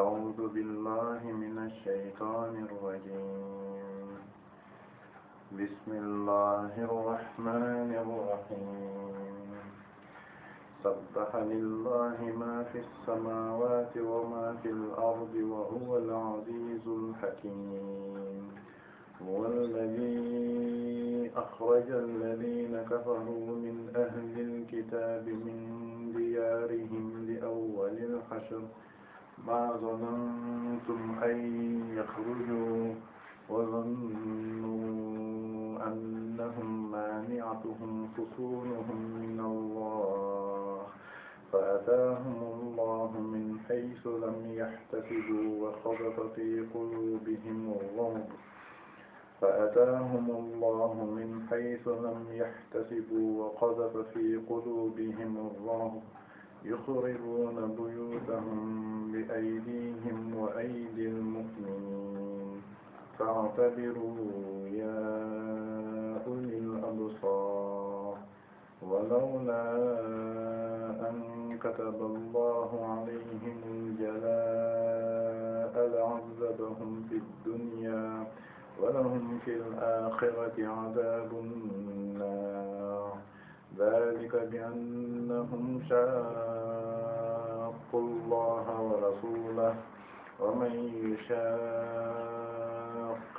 أعوذ بالله من الشيطان الرجيم بسم الله الرحمن الرحيم سبح لله ما في السماوات وما في الأرض وهو العزيز الحكيم هو الذي أخرج الذين كفروا من أهل الكتاب من ديارهم لأول الحشر ما ظننتم أن يخرجوا وظنوا أنهم مانعتهم حصونهم من الله فأتاهم الله من حيث لم يحتسبوا وخسف في قلوبهم الرعب فأتاهم الله من حيث لم يحتسبوا وقذف في قلوبهم الرعب يخربون بيوتهم بأيديهم وأيدي المؤمنين فاعتبروا يا أولي الأبصار ولولا أن كتب الله عليهم الجلاء لعذبهم في الدنيا ولهم في الآخرة عذاب النار ذلك بأنهم شاقوا الله ورسوله ومن يشاق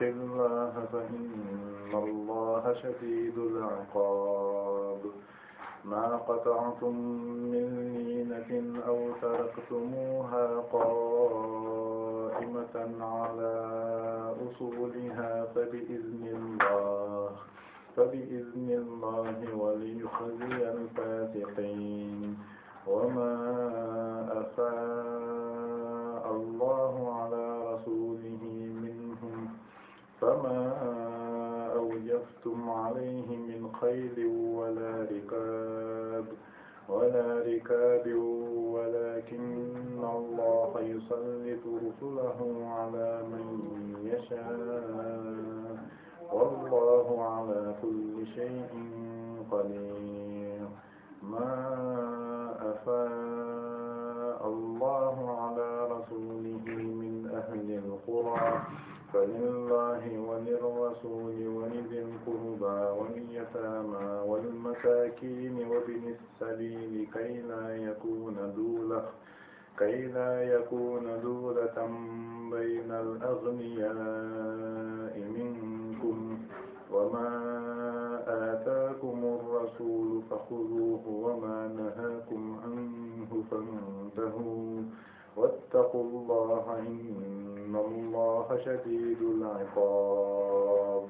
الله فإن الله شديد العقاب ما قطعتم من لينة أو تركتموها قائمة على أصولها فبإذن الله fa bi izni llahi waliyuxziya alfaasiqiin wa maa afaa'a allahu alaa rasuulihi minhum famaa awjaftum alayhi min xaylin walaa rikaab walaa rikaabin walaakinna allaha yusallitu rusulahu alaa man yashaa wallahu ala kulli shay'in qadir ma afaa allahu ala rasulihi min ahli alqura فلله وللرسول ولذي القربى واليتامى والمساكين وابن السبيل كي لا يكون دولة كي لا يكون دولة بين الأغنياء من wa maa aataakumu rasuulu faxuduuhu wa maa nahaakum anhu fantahuu wattaqu llaaha inna llaaha shadiidul iqaab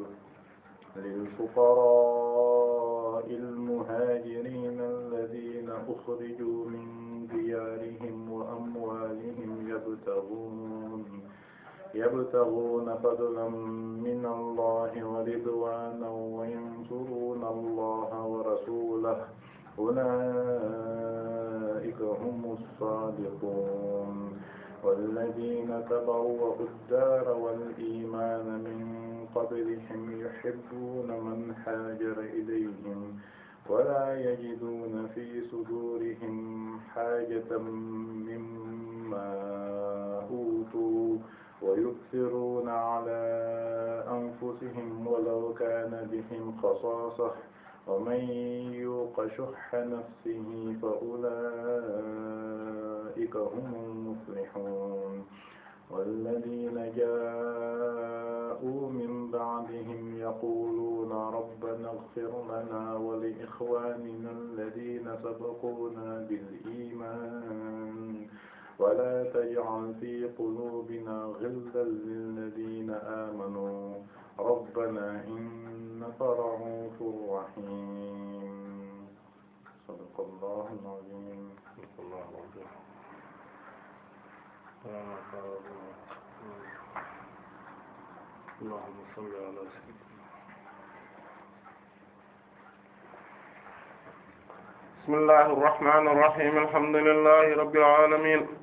للفقراء المهاجرين الذين أخرجوا من ديارهم وأموالهم يبتغون yabtaguuna fadlan min allahi wa ridwanan wa yansuruuna allaha wa rasulahu ulaa'ika humu saadiquun walladiina tabawwa'u ddaara wal iimaana min qablihim yuhibbuuna man haajara ilayhim wala yajiduuna fi suduurihim haajatan mimmaa uutuu wa yuksiruuna alaa anfusihim walaw kaana bihim xasaasa wa man yuuqa shuhha nafsihi fa ulaa'ika humul muflihuun walladiina jaa'uu min ba'dihim yaquuluuna rabbanaa ighfir lanaa wa li ikhwaaninaa alladiina sabaquunaa bil iimaan ولا تجعل في قلوبنا غلا للذين آمنوا ربنا إنك رؤوف رحيم صدق الله العظيم صدق الله العظيم اللهم صل على سيدنا بسم الله الرحمن الرحيم الحمد لله رب العالمين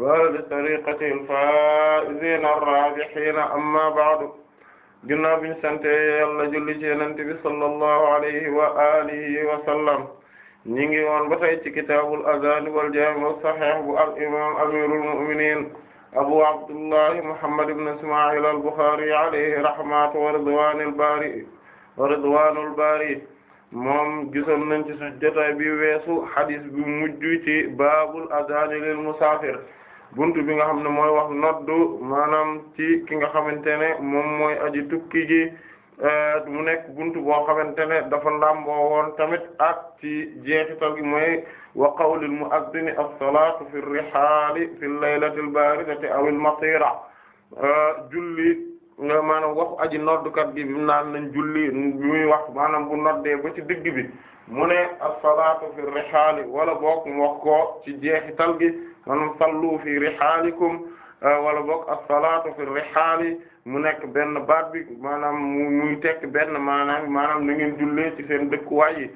wa bi tariqati al-faa'iziina ar-raabihiina amma ba'du ginnaaw biñ sante Yàlla julli ci Yonent bi sallallahu alayhi wa alihi wa sallam ñi ngi woon ba tey ci kitaabul adaan wal jaami' as-sahiih bu al imaam amiirul mu'miniin abu abdullah muhammad ibn isma'il al-Bukhaari alayhi rahmatu wa ridwaanul baari wa ridwaanul baari moom gisoon nañ ci suñu jotaay bi weesu hadiis bi mujj ci baabul adaan lil musaafir buntu bi nga xam ne mooy wax noddu maanaam ci ki nga xamante ne moom mooy aji tukki ji eh, mu nekk buntu boo xamante ne dafa làmboo won tamit ak ci jeexital gi mooy wa qawlil mu'adhdhini as-salaatu fi rihaali fi laylati al-baaridati aw al-matira eh, julli maanaam waxu aji noddukat gi bi mu nañ julli muy wax maanaam bu noddee ba ci digg bi mu ne as-salaatu fi rihaali wala boog mu wax ko ci jeexital gi maanaam sallu fi rihaalikum euh, wala boog as-salaatu fi rihaali mu nekk benn baat bi maanaam mu tekk benn maana maanaam na ngeen jullee ci seen dëkkuwaay yi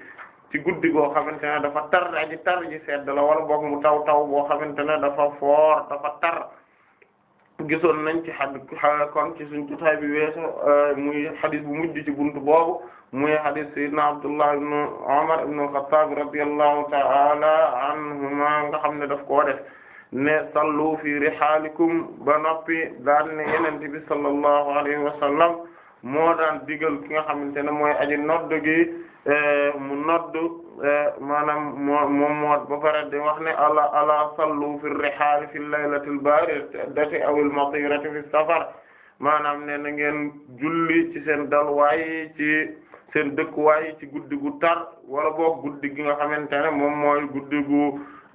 ci guddi goo xamante dafa tar aji tar ji sedd la wala boog mu taw taw boo xamante ne dafa foor dafa tar gisoon nañ ci xad kon ci suñ jotaay bi weesu euh, muy xadis bu mujj ci buntu boobu muy xadis sayyidina Abdullah ibn Umar ibn al-Khattab ta'ala anhuma nga xam ne daf koo def ne sallu fi rihaalikum ba noppi daan ne yenente bi sallallahu alayhi wa sallam moo daan digal ki nga xamante ne mooy aji nodd gi eh, mu nodd eh, maanaam moo moom moo ba pare di wax ne ala ala sallu fi rihaali fi laylati l baridati aw al matirati fi safar maanaam ne na ngeen julli ci seen dalwaay ci seen dëkkuwaay ci guddi gu tar wala boog guddi gi nga xamante ne moom mooy guddi gu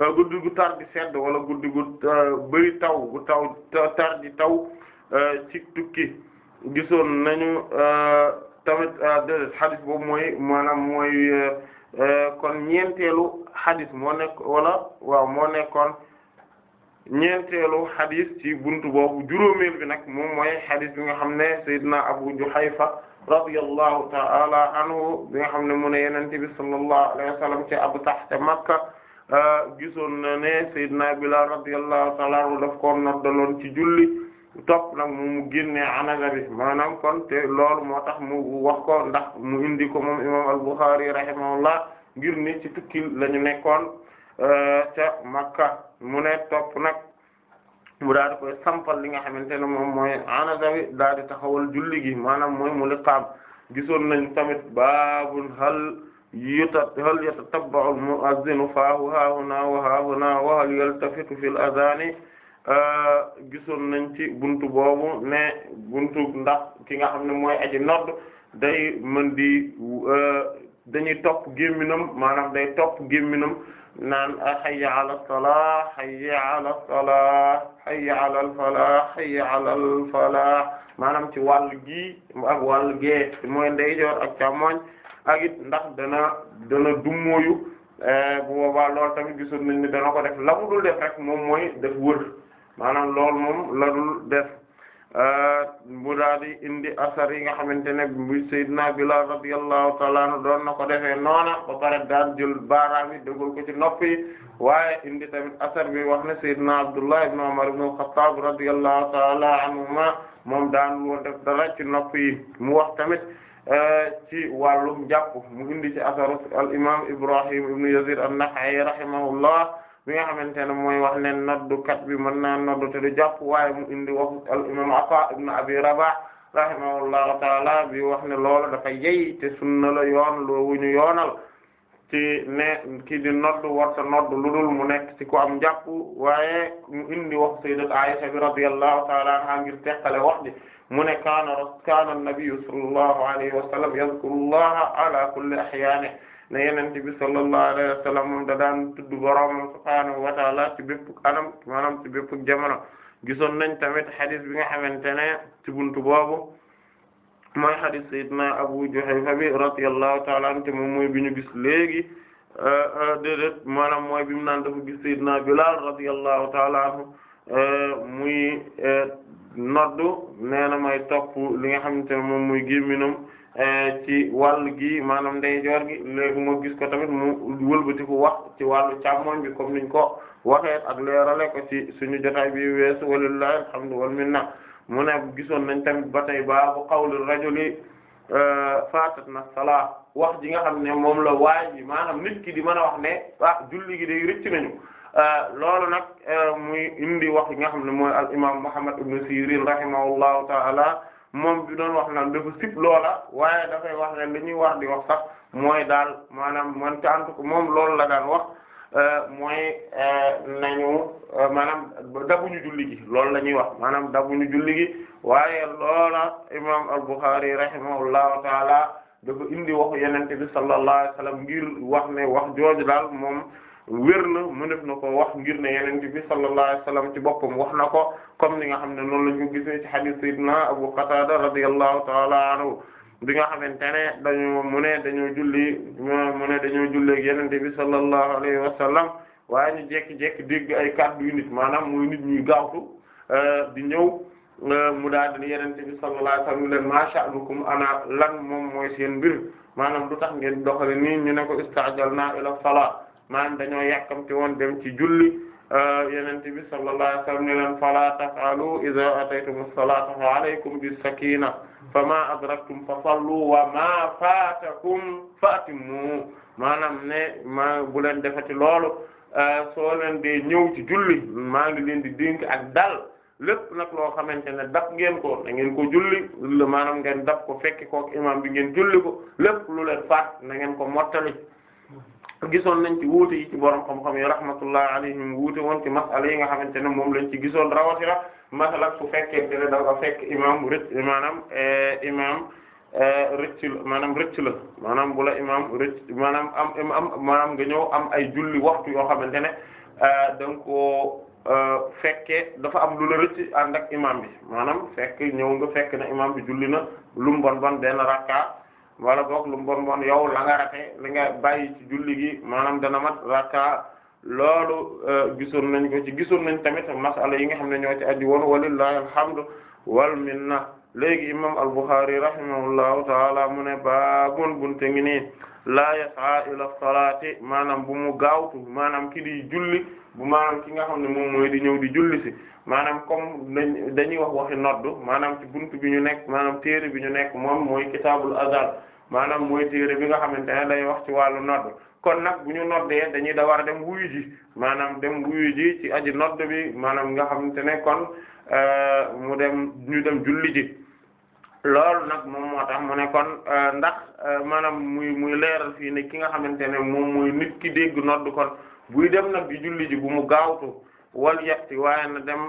Euh, guddi gu tar di sedd wala guddi gu euh, taw gu taw tar di taw euh, ci tukki gisoon nañu tawit tamit hadith boobu mooy maanaam mooy kon ñeenteelu hadith moo wala waaw moo nekkoon ñeenteelu hadith ci buntu boobu juróomeel bi nag moom mooy hadith bi nga xam ne Seydina Abu Juhayfa radiyallahu ta'ala anhu bi nga xam ne mu ne Yonent bi sallallahu alayhi ci Abu Tahta Makka gisoon na ne Seydina Bilaal radiyallahu ta'ala anhu daf ko noddaloon ci julli topp nag mu génne anaga bi maanaam kon te loolu moo tax mu wax ko ndax mu indi ko moom imaam al-Bukhari rahimahullah ngir ni ci tukki lañu nekkoon ca Makka mu ne topp nag mu daal koy sampal li nga xamante ne moom mooy anaga bi daal di taxawal julli gi maanaam mooy mu liqaam gisoon nañ tamit baabun hal yuta hal yatatabba'u al-mu'adhdhinu faahu haahunaa wa haahunaa wa hal yaltafitu fil adhaani gisoon nañ ci buntu boobu ne buntu ndax ki nga xam ne mooy aji nodd day mën di euh, dañuy topp gémminam maanaam day topp gémminam naan hayya ala salaah hayya ala salaah hayya ala al-falaah hayya ala al-falaah maanaam ci wàll gii ak wàll gee mooy ndeyjoor ak càmmoñ ak ndax dana dana dummóoyu eh, bu boobaa loolu tamit gisoon nañ ni dana ko def la mu rek moom mooy def wër maanaam loolu moom la dul def eh, mu daal di indi asar yi nga xamante ne bi Seydina Bilal radiyallahu ta'ala anhu doon na ko defee noona ba pare daan jël baaraam yi déglu ko ci noppi yi waaye indi tamit asar bi wax ne Seydina Abdullah ibn Umar ibn al-Khattab radiyallahu ta'ala anhuma moom daan woon def dara ci nopp mu wax tamit. ci wàllum jàpp mu indi ci asaru al imam Ibrahim ibn Yazid an-Nakha'i rahimahullah bi nga xamante ne mooy wax ne noddukat bi mën naa noddu te du jàpp mu indi wax al imam Ata Abi Rabah rahimahullahu taala bi wax ne loolu dafa yey te sunna la yoon loo wuñu yoonal ci ne kii di nodd warta nodd lu dul mu nekk ci ko am njàpp waaye mu indi wax sayyidat Aisha bi radiyallahu taala anha ngir teqale wax ji mu ne kaana kaana nabiyyu sallallahu alayhi wa sallam yadhkurullaha ala kulli ahyaanihi ne yonent bi sallallahu alayhi wa sallam moom da daan tudd boroomam subhaanahu wa ta'aala ci bépp anam maanaam ci bépp jamono gisoon nañ tamit xadis bi nga xamante ne ci buntu boobu mooy xadis sayyidina Abu Juhayfa bi radiyallahu ta'aala anhu moom mooy bi ñu gis léegi euh, euh, déedéet maanaam mooy bi mu naan dafa gis sayyidina Bilaal radiyallahu ta'aala anhu Euh, muy euh, noddu nee na may topp li nga xamante ne moom muy gémminam euh, ci wàll gi maanaam ndeyjoor gi léegi moo gis ko tamit mu wëlbati ko wax ci wàllu càmmoñ bi comme niñ ko waxee ak leerale ko ci suñu jotaay bi weesu walillahi alhamdu wal minna mu ne gisoon nañ tamit ba tey baabu qawli rajuli fatat na salaa wax ji nga xam ne moom la waay ji maanaam nit ki di mën a wax ne ah julli gi day rëcc nañu Euh, loolu nag euh, muy indi wax yi nga xam ne mooy al imam Muhammad ibn Sirin rahimahullahu ta'ala moom bi doon wax naan dafa sib loola waaye dafay wax ne li ñuy wax di wax sax mooy daal maanaam man ca moom loolu la daan wax euh, mooy nañu maanaam dabuñu julli gi loolu la wax maanaam dabuñu julli waaye loola imam al-Bukhari rahimahullahu ta'ala dafa indi waxu yenente bi sallallahu alayhi ngir wax ne wax jooju daal moom wér na mënef na ko wax ngir ne yeneen bi sallallahu alayhi wasallam ci boppam wax na ko comme ni nga xam ne noonu lañu ko gisee ci hadith sayyidina Abu Qatada radiyallahu ta'ala anhu bi nga xamante ne dañoo mu ne dañoo julli mu ne dañoo julli ak yeneen bi sallallahu alayhi wasallam waaye ñu jékki-jékki dégg ay kàddu yu nit maanaam mu nit ñuy gaawtu euh, di ñëw euh, mu daal di yeneen bi sallallahu alayhi wasallam leen ma sha'nukum ana lan moom mooy seen mbir maanaam lu tax ngeen doxale nii ñu ne ko ista'jalna ila salat maanaam dañoo yàkkamti woon dem ci julli euh, yonent bi sallallahu alayhi wa sallam ne leen fala taf'alu idha ataytum as-salata fa alaykum bis-sakina fama adraktum fa sallu wa ma fatakum fatimmu maanaam ne maa bu leen defati loolu euh, soo leen dee ñëw ci julli maa ngi leen di dénk ak dal lépp nag loo xamante ne dab ngeen ko na ngeen ko julli maanaam ngeen dab ko fekki ko ak imam bi ngeen julli ko lépp lu leen faat na ngeen ko mottali gisoon nañ ci wuute yi ci borom xam-xam yi rahmatullah alayhim wuute woon ci masala yi nga xamante ne moom lañ ci gisoon rawatina masala su fekkee ne dafa fekk imaam rëcc maanaam eh, imaam eh, rëcc la maanaam rëcc la maanaam bu la imaam maanaam am am maanaam nga ñëw am ay julli waxtu yoo xamante ne eh, da nga dafa am lu la rëcc ànd ak imaam bi maanaam fekk ñëw nga fekk na imaam bi julli na lu mu bon bon rakka. wala boog lu mbon mbon yow la nga li nga bàyyi ci julli gi maanaam dana mat rakka loolu euh, gisoon nañ ko ci gisoon nañ tamit masala yi nga xam ne ñoo ci aju woon walillahi alhamdu wal minna léegi imam al-Bukhari rahimahullahu taala mu ne baabun bunte ngi ni laa yas'a ila salaati maanaam bu mu gaaw gaawtu maanaam ki di julli bu maanaam ki nga xam ne moom mooy di ñëw di julli si maanaam comme dañuy wax waxi noddu maanaam ci buntu bi ñu nekk maanaam téere bi ñu nekk moom mooy kitaabul azan maanaam mooy téere bi nga xamante ne day wax ci wàllu nodd kon nag bu ñu noddee dañuy da war a dem wuyu ji maanaam dem wuyu ji ci aji nodd bi maanaam nga xamante ne kon euh, mu dem ñu dem julli loolu nag moom moo tax mu ne kon euh, ndax euh, maanaam muy muy leeral fii ne ki nga xamante ne moom muy nit ki dégg nodd kon buy dem nag bi julli ji bu mu gaawtu wal yetti waaye na dem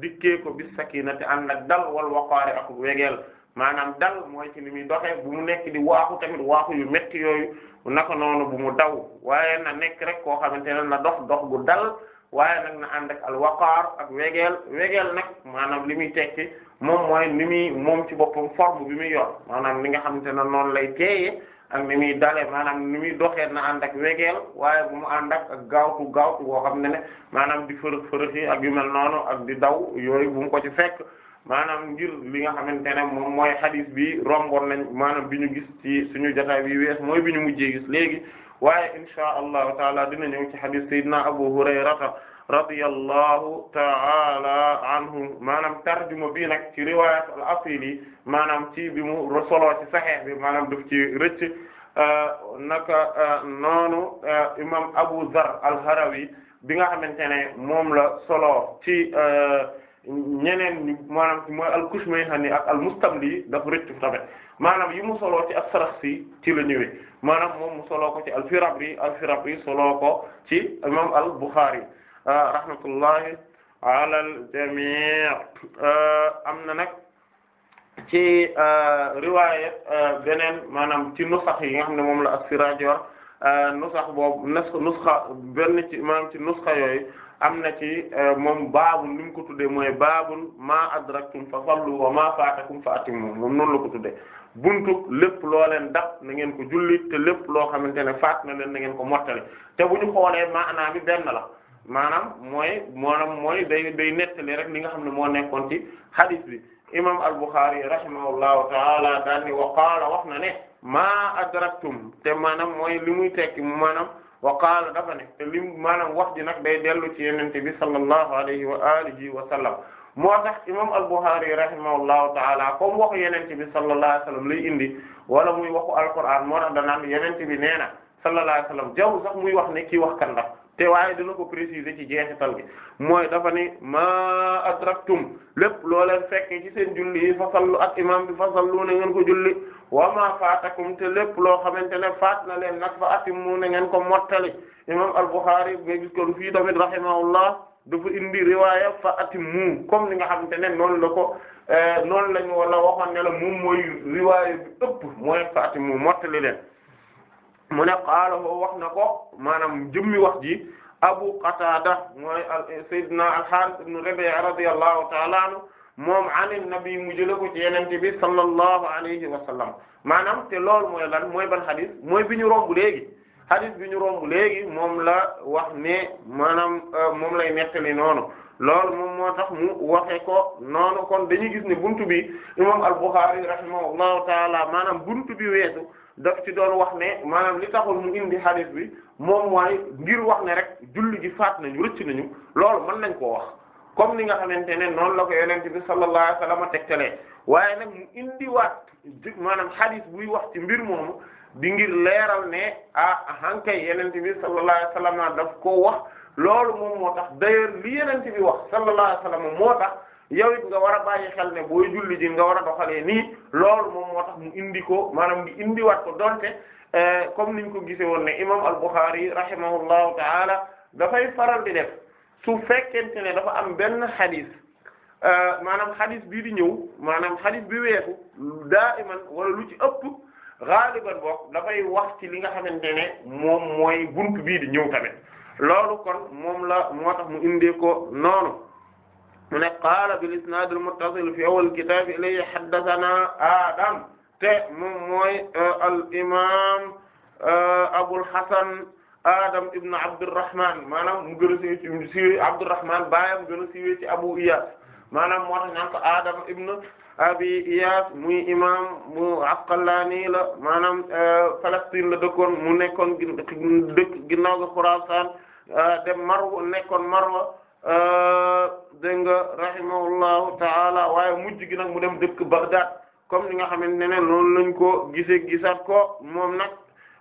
dikkee ko bis sakinati ànd ak dal wal waqaare ak wegeel maanaam dal mooy ci ni muy doxee bu mu nekk di waaxu tamit waaxu yu metti yooyu naka noonu bu mu daw waaye na nekk rek koo xamante ne na dox dox gu dal waaye nag na ànd ak alwaqaar ak wegeel wegeel nag maanaam li muy tekki moom mooy ni muy moom ci boppam forme bi muy yor maanaam li nga xamante ne noonu lay teeye ak ni muy dale maanaam ni muy doxee na ànd ak waaye bu mu ànd ak ak gaawtu gaawtu boo xam ne ne maanaam di fërëx fërëx ak yu mel noonu ak di daw yooyu bu mu ko ci fekk maanaam ngir li nga xamante ne moom mooy xadis bi romboon nañ maanaam bi ñu gis ci suñu jotaay bi wees mooy bi ñu mujjee gis léegi waaye inshaa allahu taala dina ñëw ci xadis sayyidina Abu Hurayrata radiyallahu taala anhu maanaam tarjuma bii nag ci riwaayat al-Asili maanaam ci bi mu soloo ci bi maanaam daf ci rëcc naka uh, noonu uh, imam Abu Zar al-Harawi bi nga xamante ne moom la solo ci uh, ñeneen ñi maanaam mooy al-Kushmayhani ak al-Mustamli dafa rëccu maanaam yi mu soloo ci as-Sarakhsi ci la ñëwee maanaam moom mu soloo ko ci al-Firabri al-Firabri soloo ko ci imam al-Bukhari ah, rahmatullahi ala al-jami' ah, am na nag ci ah, riwaaya beneen maanaam ci nusax yi nga xam ne moom la as-Siraji wax nusax boobu nusxa benn ci maanaam ci nusax yooyu am na ci euh, moom baabul li ko tuddee mooy baabul ma adraktum fa sallu wa ma faatakum fa atimmu moom noonu la ko tuddee buntu lépp loo leen dab na ngeen ko julli te lépp loo xamante ne faat na leen na ngeen ko mottali te bu ñu xoolee maanaam bi benn la maanaam mooy maanaam mooy day day nettali rek li nga xam ne moo nekkoon ci hadith bi imam al-Bukhari rahimahullahu taala daal wa qaala wax na ne ma adraktum te maanaam mooy limuy muy tekki maanaam wa qaala dafa ne te li maanaam wax ji nag day dellu ci yenente bi sallallahu alayhi wa alihi wa sallam moo tax imam al-Bukhari rahimahullahu taala comme waxu yenente bi sallallahu alayhi wa sallam lay indi wala muy wax waxu alquran moo tax danaan yenente bi nee na sallallahu alayhi wa sallam jaww sax muy wax ne kii wax kan la te waaye dina ko préciser ci jeexital gi mooy dafa ni ma adraktum lépp loo leen fekkee ci seen julli yi fa sallu ak imam bi fa sallu na ngeen ko julli wa ma faatakum te lépp loo xamante ne faat na leen nag fa atimmu na ngeen ko mottali imam al-Bukhari nga gis kon fii tamit rahimahullah dafa indi riwaaya fa atimmu comme ni nga xamante ne noonu la ko eh, noonu lañ wala waxoon ne la moom mooy riwaaya bi ëpp mooy fa atimmu mottali leen mu ne wax na ko maanaam jëmmi wax ji Abu Qatada mooy al sayyidina al-Harith ibn Rabi'a radiyallahu moom anin nabi mu jëlee ko ci yenente bi sallallahu alayhi wa sallam maanaam te loolu mooy lan mooy ban xadis mooy bi ñu romb léegi xadis bi ñu romb léegi moom la wax ne maanaam euh, moom lay nettali noonu lool moom moo tax mu waxe ko noonu kon dañuy gis ne buntu bi imam al-Bukhari rahimahullahu taala maanaam buntu bi weetu daf ci doon wax ne maanaam li taxul mu indi xadis bi moom mooy ngir wax ne rek julli gi faat nañu rëcc nañu lool mën nañ koo wax comme ni nga xamante ne noonu la ko yonent bi sallallahu alayhi wa sallam tegtalee waaye nag mu indiwaat maanaam hadith buy wax ci mbir moomu di ngir leeral ne a hankay yonent bi sallallahu alayhi wa sallam daf ko wax loolu moom moo tax d'ailleurs li yonent bi wax sallallahu alayhi wa sallam moo tax yow it nga war a bàyyi xel ne booy julli ji nga war a doxalee nii loolu moom moo tax mu indi ko maanaam mu indiwaat ko donte eh, comme niñ ko gisee woon ne imam al-Bukhari rahimahullahu ta'ala dafay faral di def. su fekkente ne dafa am benn xadis euh, maanaam xadis bii di ñëw maanaam xadis bi weesu daa iman wala lu ci ëpp gaaliban bokk dafay wax ci li nga xamante ne moom mooy buntu bii di ñëw tamit loolu kon moom la moo tax mu indee ko noonu mu ne qaala bil isnaad al muttasil fi awwal kitaab ilayhi haddathanaa Adam te moom mooy euh, al imaam euh, Abul Hasan Adam ibn Abdurrahman maanaam mu gën a siiwee ci a siiwee ci Abu Iyas maanaam moo tax ñaan ko Adam ibn Abi Iyas muy imam mu Aqallani la maanaam euh, Palestine la dëkkoon mu nekkoon dëkk ginnaaw ga Khurasan euh, dem Marwa nekkoon Marwa euh, dégg nga rahimahullahu taala waaye mujj gi nag mu dem dëkk Baghdad comme ni nga xamante ne noonu lañ ko gisee gisaat ko moom nag.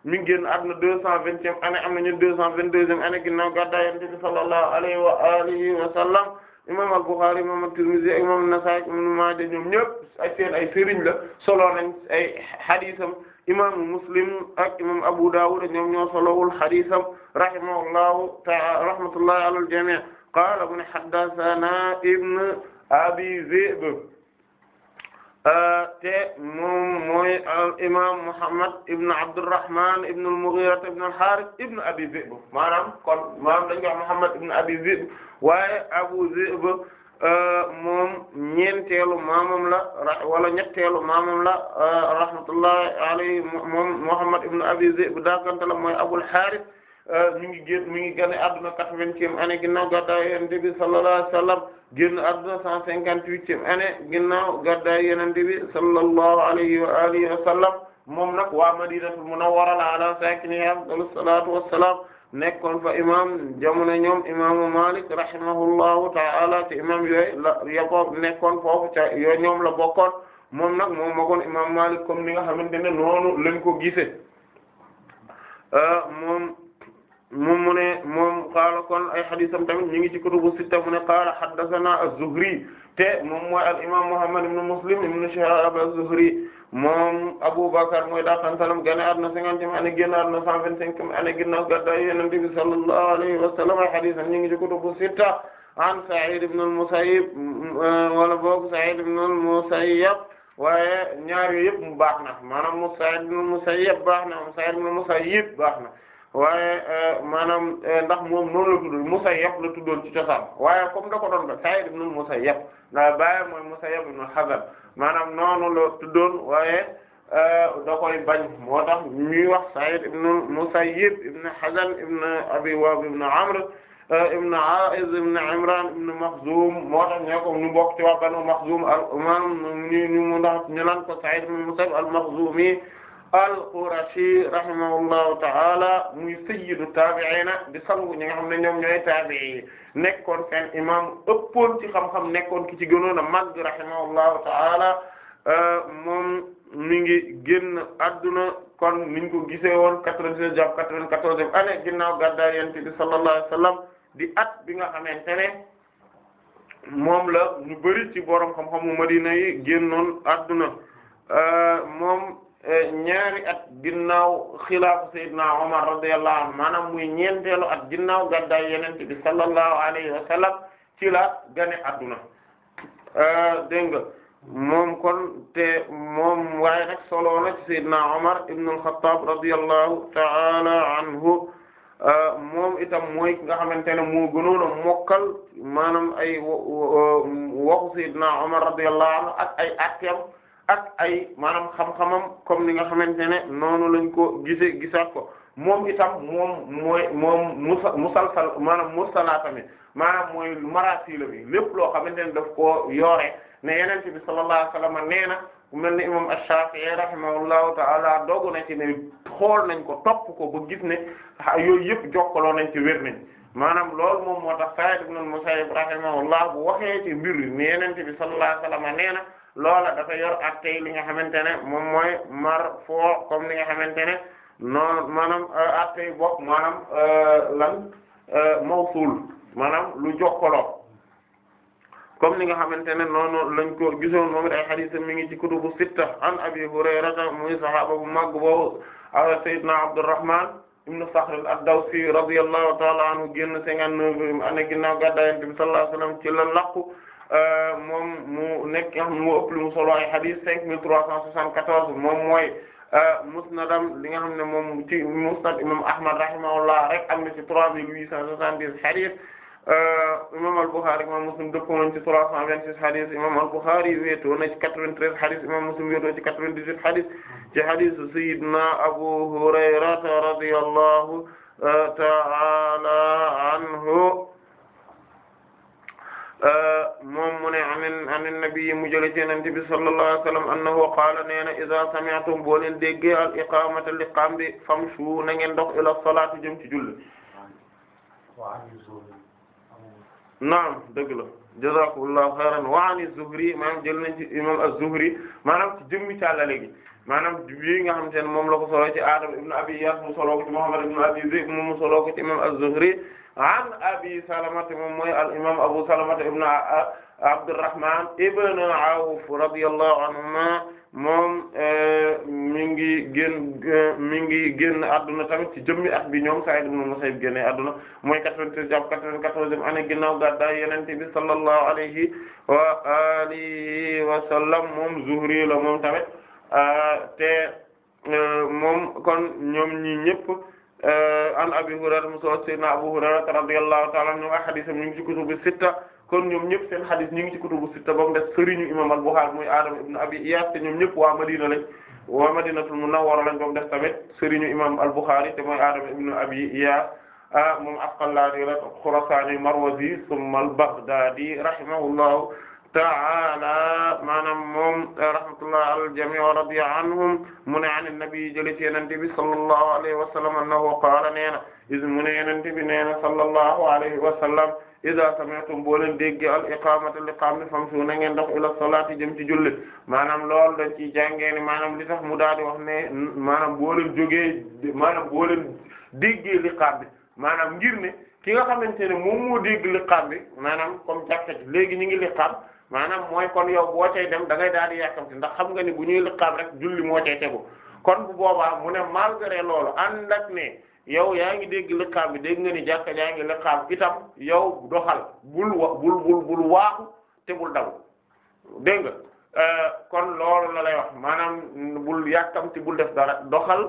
mi ngi génn àdduna deux cent vingtième année am nañu deux cent vingt-deuxième année ginnaaw gàddaay Yonent bi sallallahu alayhi wa alihi wa sallam imam al-Bukhari imam at-Tirmidhi ak imam an-Nasa'i ibn Maaja ñoom ñëpp ak seen ay sëriñ la solo nañ ay xadisam imaamu Muslim ak imam Abu Dawud ñoom ñoo solowul xadisam rahimahullahu ta'ala rahmatullahi ala al-jami' qala ibn haddathana ibn abi Zi'b Euh, te moom mooy euh, imam Muhammad ibn Abdurrahman ibn al Abi Zi'b maanaam kon maanaam dañu Muhammad ibn Abi Zi'b waaye Abu Zi'b euh, moom ñeenteelu maamam la wala ñetteelu maamam la rahmatullahi alayhi moom Muhammad ibn Abi Zi'b da la mooy Abul Harith mi ngi génn mi ngi gane adduna quatre-vingtième année ginnaaw gàddaay Yonent bi génn àdduna 158e année ginnaaw gàddaay Yonent bi sallallahu alayhi wa alihi moom nag waa Madinatul Munawwara ala saakinihaa afdalu salaatu wa salaam nekkoon fa imaam jamono ñoom imaamu Maalik rahimahullahu ta'ala te imaam yooyu la nekkoon foofu ca yooyu ñoom la bokkoon moom nag moom magoon imaam Maalik comme ni nga xamante ne noonu lañ ko gisee euh, moom. moom mu ne moom qaala kon ay xadisam tamit ñu ngi ci kutubu sitta mu ne qaala haddathana az-Zuhri te moom mooy al imam Muhammad ibn Muslim ibn Shihab az-Zuhri moom Abu Bakr mooy daa tantalam gane adna cinquantième année génn adna cent vingt-cinquième année ginnaaw gàddaay Yonent bi sallallahu alayhi wa ay xadisam ñu ngi ci kutubu sitta an Sa'id ibn al-Musayyib euh, wala boog Sa'id ibn al-Musayyib waaye ñaar yooyu yëpp mu baax na maanaam mu Sa'id ibn al-Musayyib baax na mu Sa'id ibn al-Musayyib baax na waaye eh, maanaam eh, ndax moom noonu la tuddoon Musayyab la tuddoon ci cosaan waaye comme da ko doon ba Sa'iid ibn Musayyab ndax baayam mooy Musayyab ibn Hazan maanaam noonu la tuddoon waaye eh, da koy bañ moo tax ñuy wax Sa'iid ibn Musayyib ibn Hazan ibn Abi Wahb ibn Amr ibn Aa'iz ibn Imraan ibn Maxzuum moo tax ñoo ko ñu bokk ci waa Banu Maxzuum al maanaam ñu ñu mu ndax ñu naan ko Sa'iid ibn Musayyib al-Maxzuumi al-Qurashi rahimahullahu ta'ala muy sayyidu taabi'iina di sangu ñi nga xam ne ñoom ñooy taabi'i nekkoon seen imam ëppoon xam-xam nekkoon ki ci gënoon a màgg rahimahullahu euh, moom mi ngi génn adduna kon niñ ko gisee woon quatre-vingt-dix jàpp quatre-vingt-quatorzième année sallallahu alayhi di at bi nga xamante ne moom la ñu bari ci borom xam-xamu Madina yi génnoon adduna euh, moom. ñaari at ginnaaw xilaafu Seydina Omar radiyallahu anhu maanaam muy ñeenteelu at ginnaaw gàddaay Yonent bi sallallahu alayhi wa sallam ci adduna euh, dégg nga moom kon te moom waaye nag solo na ci Seydina Omar ta'ala anhu euh, moom itam mooy nga xamante ne moo gënoon a mokkal maanaam ay waxu Seydina Omar radiyallahu anhu ay atteem ak ay maanaam xam-xamam comme ni nga xamante ne noonu lañ ko gisee gisaat ko moom itam moom mooy moom musa musalsal maanaam mursalaatamit maanaam mooy maraatila bi lépp loo xamante ne daf koo yoore ne yeneen bi sallallahu alayhi wasallam nee na ku mel ni imam Ash-Shafi'i rahimahullahu ta'ala doogu na ci ne xool nañ ko topp ko ba gis ne yooyu yëpp jokkaloo nañ ci wér nañ maanaam loolu moom moo tax Sa'id ibn al-Musayyib rahimahullah bu waxee ci mbir ne yeneen bi sallallahu alayhi wasallam nee na loola dafa yor attey li nga xamante ne moom mooy mar marfu' comme li nga xamante ne noonu maanaam euh, attey bopp maanaam euh, lan euh, mawsul maanaam lu jokkaloo comme ni nga xamante ne noonu lañ ko gisoon moom it ay hadith mi ngi ci kutubu sitta an abi hurayrata muy sahaaba bu màgg boobu sayyidna abdurrahman ibn Sakhr al-Dawsi radiyallahu ta'ala anhu génn cinquante-neuvième année ginnaaw gàddaay Yonent bi sallallahu alayhi ci la laqu Euh, moom mu nekk mu ëpp lu mu solo ay hadith cinq mille trois cent soixante-quatorze moom mooy euh, musnadam li nga xam ne moom ci musnad imam Ahmad rahimahullah rek am na ci trois mille huit cent soixante-dix hadith euh, imam al-Bukhari imam Muslim dëppoo nañ ci trois cent vingt-six hadith imam al-Bukhari wéetoo na ci quatre-vingt-treize hadith imam Muslim wéetoo ci quatre-vingt-dix-huit hadith ci hadith sayyidina Abu Hurayra radiyallahu ta'ala anhu Euh, moom mu ne amin anin nabi mu jële ci yonent bi sallallahu alayhi wa sallam annahu qaala nee na iza sami'tum boo leen déggee al iqaamata liqaam bi famshu na ngeen dox ila salaati jëm ci julli naam dëgg la jazakumullahu xayran wa an az-Zuhri maanaam jël nañ ci imam az-Zuhri maanaam ci jëmmi càllale gi maanaam yi nga xamante ne moom la ko solo ci Adam ibn Abi Iyas mu solo ko ci Muhammad ibn Abi Zayd moom mu solo ko ci imam az-Zuhri an abi salamata moom mooy al imam abu salamata ibn abdurrahman ibn awf radiyallahu anhuma moom eh, mi ngi génn mi ngi génn adduna tamit ci jëmmi at bi ñoom Sa'id ibn Musayyib génne adduna mooy 93 jàpp 94e année ginnaaw gàddaay Yonent bi sallallahu alayhi wa alihi wa sallam moom Zuhri la moom tamit ah, te eh, moom kon ñoom ñi ñëpp. Euh, an Abi Hurayra mu solo sayyidina Abu Hurayra radiyallahu ta'ala anhu hadiisam ñu ngi ci kutubu sitta kon ñoom ñëpp seen hadis ñu ngi ci kutubu sitta ba mu des sëriñu imam al-Bukhari muy Adam ibn Abi Iyas te ñoom ñëpp waa Madina lañ waa Madinatul Munawwara lañ ba mu des tamit sëriñu imam al-Bukhari te mooy Adam ibn Abi Iyas ah, moom Asqalani la Khurasani Marwazi thumma al-Baghdadi rahimahullahu taala maanaam moom rahmatullah alal jamii wa radiya anhum mu ne an nabi jële ci yenente bi sallallahu alayhi wa sallam annahu qaala nee na is mu ne yenente bi nee na sallallahu alayhi wa sallam iza sami'tum boo leen dégg al iqamata liqaam ni famsu na ngeen dox ila salaati jëm ci julli maanaam loolu dañ ciy jàngee ni maanaam li tax mu daal di wax ne maanaam boo leen jógee maanaam boo leen bi maanaam ngir ne ki nga xamante ne mu moo dégg liqaam bi maanaam comme jàkka ci léegi ñu ngi liqaam maanaam mooy kon yow boo cay dem dangay ngay daal di yàkkamti ndax xam nga ni bu ñuy liqaam rek julli moo cay tegu kon bu boobaa mu ne malgré loolu ànd ak ne yow yaa ngi dégg liqaam bi dégg nga ni jàkka yaa ngi liqaam itam yow doxal bul wa bul bul bul waaxu te bul daw euh, kon loolu la lay wax maanaam bul yàkkamti bul def dara doxal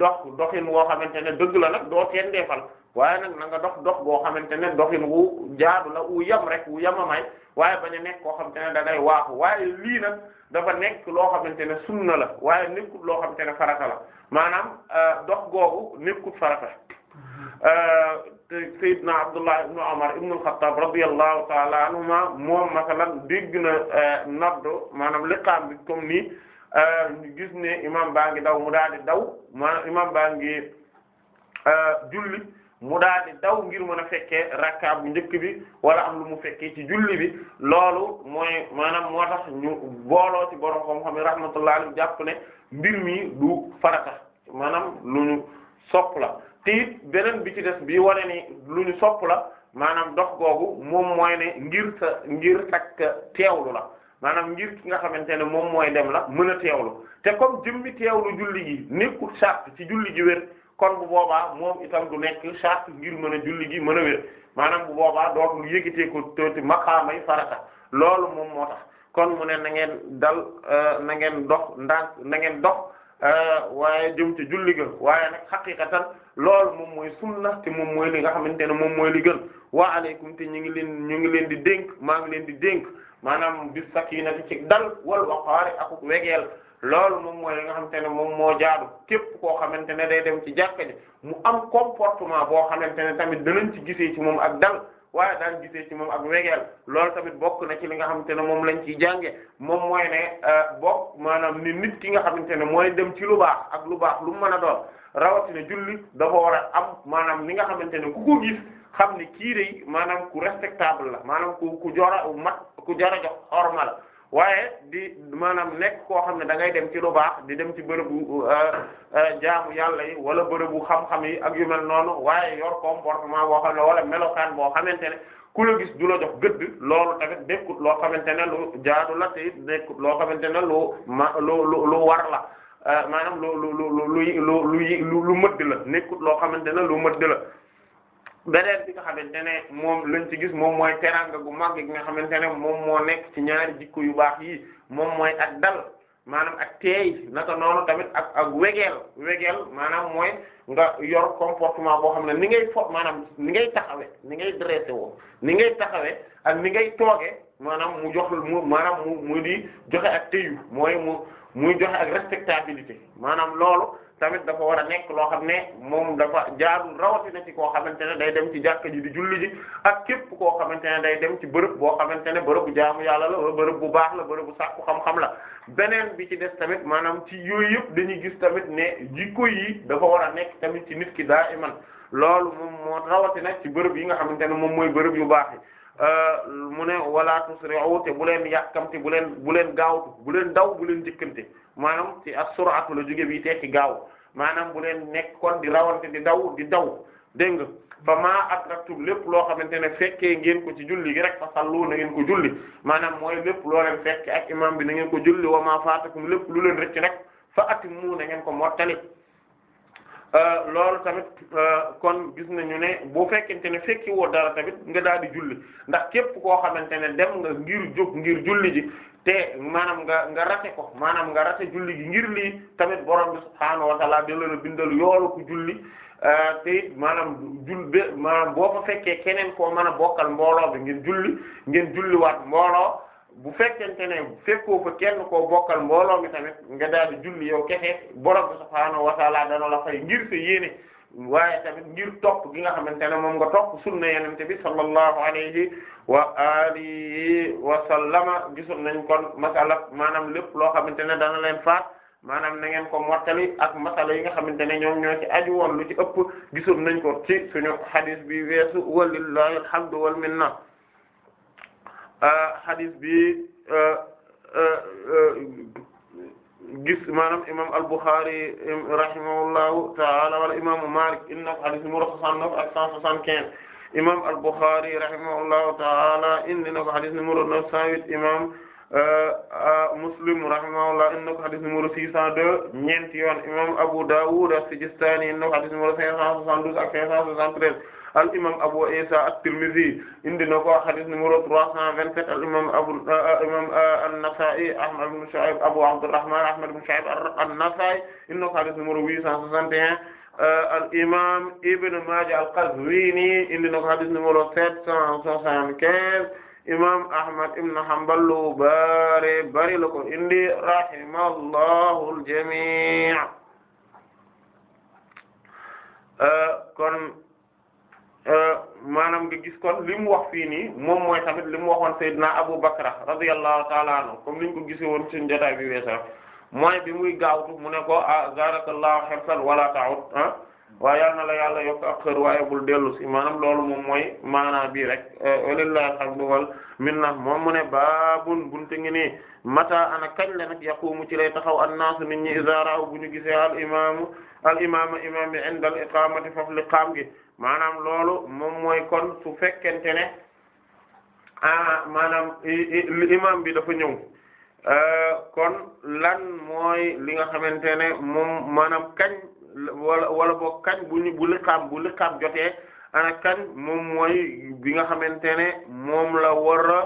dox doxin woo xamante ne dëgg la nag doo kenn defal waaye nag na nga dox dox boo xamante ne doxin wu jaadu la wu yem rek wu yemamay waaye ba a nekk koo xamante ne da ngay waaxu waaye lii nag dafa nekk loo xamante ne sunna la waaye nekkul loo xamante ne farata la maanaam euh, dox googu nekkul farata euh, Seydina Abdullah ibn Umar ibn al-Khattab ta'ala anhuma moom masalan dégg na euh, nabdo maanaam liqaam bi comme nii ñu gis ne baa ngi daw mu daal di daw maanaam imam baa ngi julli mu daal di daw ngir mën a fekkee rakka bu njëkk bi wala am lu mu fekkee ci julli bi loolu mooy maanaam moo tax ñu booloo ci borom xam-xam yi rahmatullah alayhi jàpp ne mbir mi du farata maanaam lu ñu sopp la te it beneen bi ci des bii wane ni lu ñu sopp la maanaam dox googu moom mooy ne ngir sa ngir takk teewlu la maanaam ngir ki nga xamante ne moom mooy dem la mën a teewlu te kom comme jëmmi teewlu julli gi nekkul sart ci julli gi wér kon bu boobaa moom itam du nekk charte ngir mën a julli gi mën a wér maanaam bu boobaa dootul yëkkatee ko tooti maqaamay farata loolu moom moo tax kon mu ne na ngeen dal euh, na ngeen dox ndànk na ngeen dox euh, waaye jëm ci julli gën waaye nag xaqiqatan loolu moom mooy sunna te moom mooy li nga xamante ne moom mooy li gën wa aleykum te ñu ngi leen ñu ngi leen di dénk maa ngi leen di dénk maanaam bis sakinati ci dal wal waqaari akuk wegeel loolu moom mooy li nga xamante ne moom moo jaadu képp koo xamante ne day dem ci jàkka ji mu am comportement boo xamante ne tamit danañ ci gisee ci moom ak dal waaye daan gisee ci moom ak wegeel loolu tamit bokk na ci li nga xamante ne moom lañ ciy jànge moom mooy ne euh, bokk maanaam ni nit ki nga xamante ne mooy dem ci lu baax ak lu baax lu mu mën a doon rawatina julli dafa war a am maanaam li nga xamante ne ku ko gis xam ni kii day maanaam ku respectable la maanaam ku ku jora mat ku jara jox orma la waaye di maanaam nekk koo xam ne da ngay dem ci lu baax di dem ci bërëbu jaamu yàlla yi wala bërëb bu xam yi ak yu mel noonu waaye yor comportement boo xam ne wala melokaan boo xamante ne ku la gis du la jox gëdd loolu tamit nekkut loo xamante ne lu jaadu la te nekkut loo xamante ne lu ma lu lu lu war la maanaam lu lu lu lu lu lu mëdd la nekkut loo xamante ne lu mëdd la. beneen bi nga xamante ne moom lañ ci gis moom mooy teranga gu mag gi nga xamante ne moom moo nekk ci ñaari jikko yu baax yi moom mooy ak dal maanaam ak teey naka noonu tamit ak ak wegeel wegeel maanaam mooy nga yor comportement boo xam ne ni ngay fo maanaam ni ngay taxawe ni ngay dressé woo ni ngay taxawe ak ni ngay tooge maanaam mu jox mu maanaam mu mu di joxe ak teyu mooy mu muy joxe ak respectabilité maanaam loolu tamit dafa war a nekk loo xam ne moom dafa jaarul rawatina ci koo xamante ne day dem ci jàkka ji di julli ji ak képp koo xamante ne day dem ci bërëb boo xamante ne bërëb bu jaamu yàlla la bërëb bu baax la bërëb bu sàkku xam-xam la beneen bi ci des tamit maanaam ci yooyu yëpp dañuy gis tamit ne jikko yi dafa war a nekk tamit ci nit ki daa iman loolu moom moo rawatina ci bërëb yi nga xamante ne moom mooy bërëb yu baax yi euh, mu ne wala tusri'u te bu leen yàkkamti bu leen bu leen gaawtu bu leen daw bu leen njëkkante maanaam ci as-sur'atu la jóge bi tekki gaaw maanaam bu leen nekkoon di rawante di daw di daw dégg nga fa ma adraktum lépp loo xamante ne fekkee ngeen ko ci julli gi rek fa sallu na ngeen ko julli maanaam mooy lépp loo leen fekke ak imam bi na ngeen ko julli wa ma faatakum lépp lu leen rëcc rek fa atimmu na ngeen ko mottali euh, loolu tamit euh, kon gis nañu ne boo fekkente ne fekki woo dara tamit nga daal di julli ndax képp koo xamante ne dem nga ngir jóg ngir julli ji te maanaam nga nga rate ko maanaam nga rate julli gi ngir lii tamit borom bi subhaanahu wa ta'ala dina la bindal julli euh, te it maanaam jul be maanaam boo ko fekkee keneen koo mën a bokkal mbooloo bi ngeen julli ngeen julliwaat mbooloo bu fekkente ne fekkoo fa kenn ko bokkal mbooloo mi tamit nga daal di julli yow kese borom bi subhaanahu wa ta'ala ngir sa waaye tamit ngir topp gi nga xamante ne moom nga topp sunna yenente bi sallallahu alayhi wa alihi wa sallama gisul nañ kon masala maanaam lépp loo xamante ne dana leen faat maanaam na ngeen ko mottali ak masala yi nga xamante ne ñoom ñoo ci aju woon lu ci ëpp gisul nañ ko ci suñu xadis bi weesu walillahi alhamdu wal minna ah, xadis bi ah, ah, gis maanaam imam al-Bukhari rahimahullahu ta'ala wala imaamu Malik indi na ko hadith numéro 69 ak 175 imam al-Bukhari rahimahullahu ta'ala indi na ko hadith numéro 908 imam euh, euh, Muslim rahimahullah indi na ko hadith numéro 602 ñeenti yoon imam Abu Dawud as-Sijistani indi na ko hadith numéro 572 ak 573 al imam Abu Isa at-Tirmidhi indi na ko hadith numéro 327 al imam Abu euh, euh, imam euh, an-Nasa'i Ahmad ibn Shu'ayb Abu Abdurrahman Ahmad ibn Shu'ayb an-Nasa'i indi na ko hadith numéro 861 al imaam Ibn Maaja al-Qazwiini indi na ko hadith numéro sept cent soixante-quinze imaam Ahmad ibn Hanbal lu bari bari la ko indi rahimahullahu al-jamii' kon Euh, maanaam nga gis kon li mu wax fii nii moom mooy tamit li mu waxoon Seydina Abu Bakra radiyallahu ta'ala anhu comme ni ñu ko gisee woon suñu jotaay bi weesoo mooy bi muy gaawtu mu ne ko a zaarakallahu xirsan wala ta'ud ah waaye yal la yàlla yokk ak xër waaye bul dellu si maanaam loolu moom mooy maana bii rek euh, walillahi alhamdu wal minna moom mu ne baabun bunte ngi nii mata ana kañ la nag yaqumu ci lay taxaw annaasu nit ñi izaa ra'aw bu ñu gisee al imaamu al imaama imaam bi inda al iqaamati maanaam loolu moom mooy kon su fekkente ne ah maanaam imam bi dafa ñëw kon lan mooy li nga xamante ne moom maanaam kañ wala wala boog kañ bu ñu bu liqaam bu liqaam jotee ana kañ moom mooy bi nga xamante ne moom la war a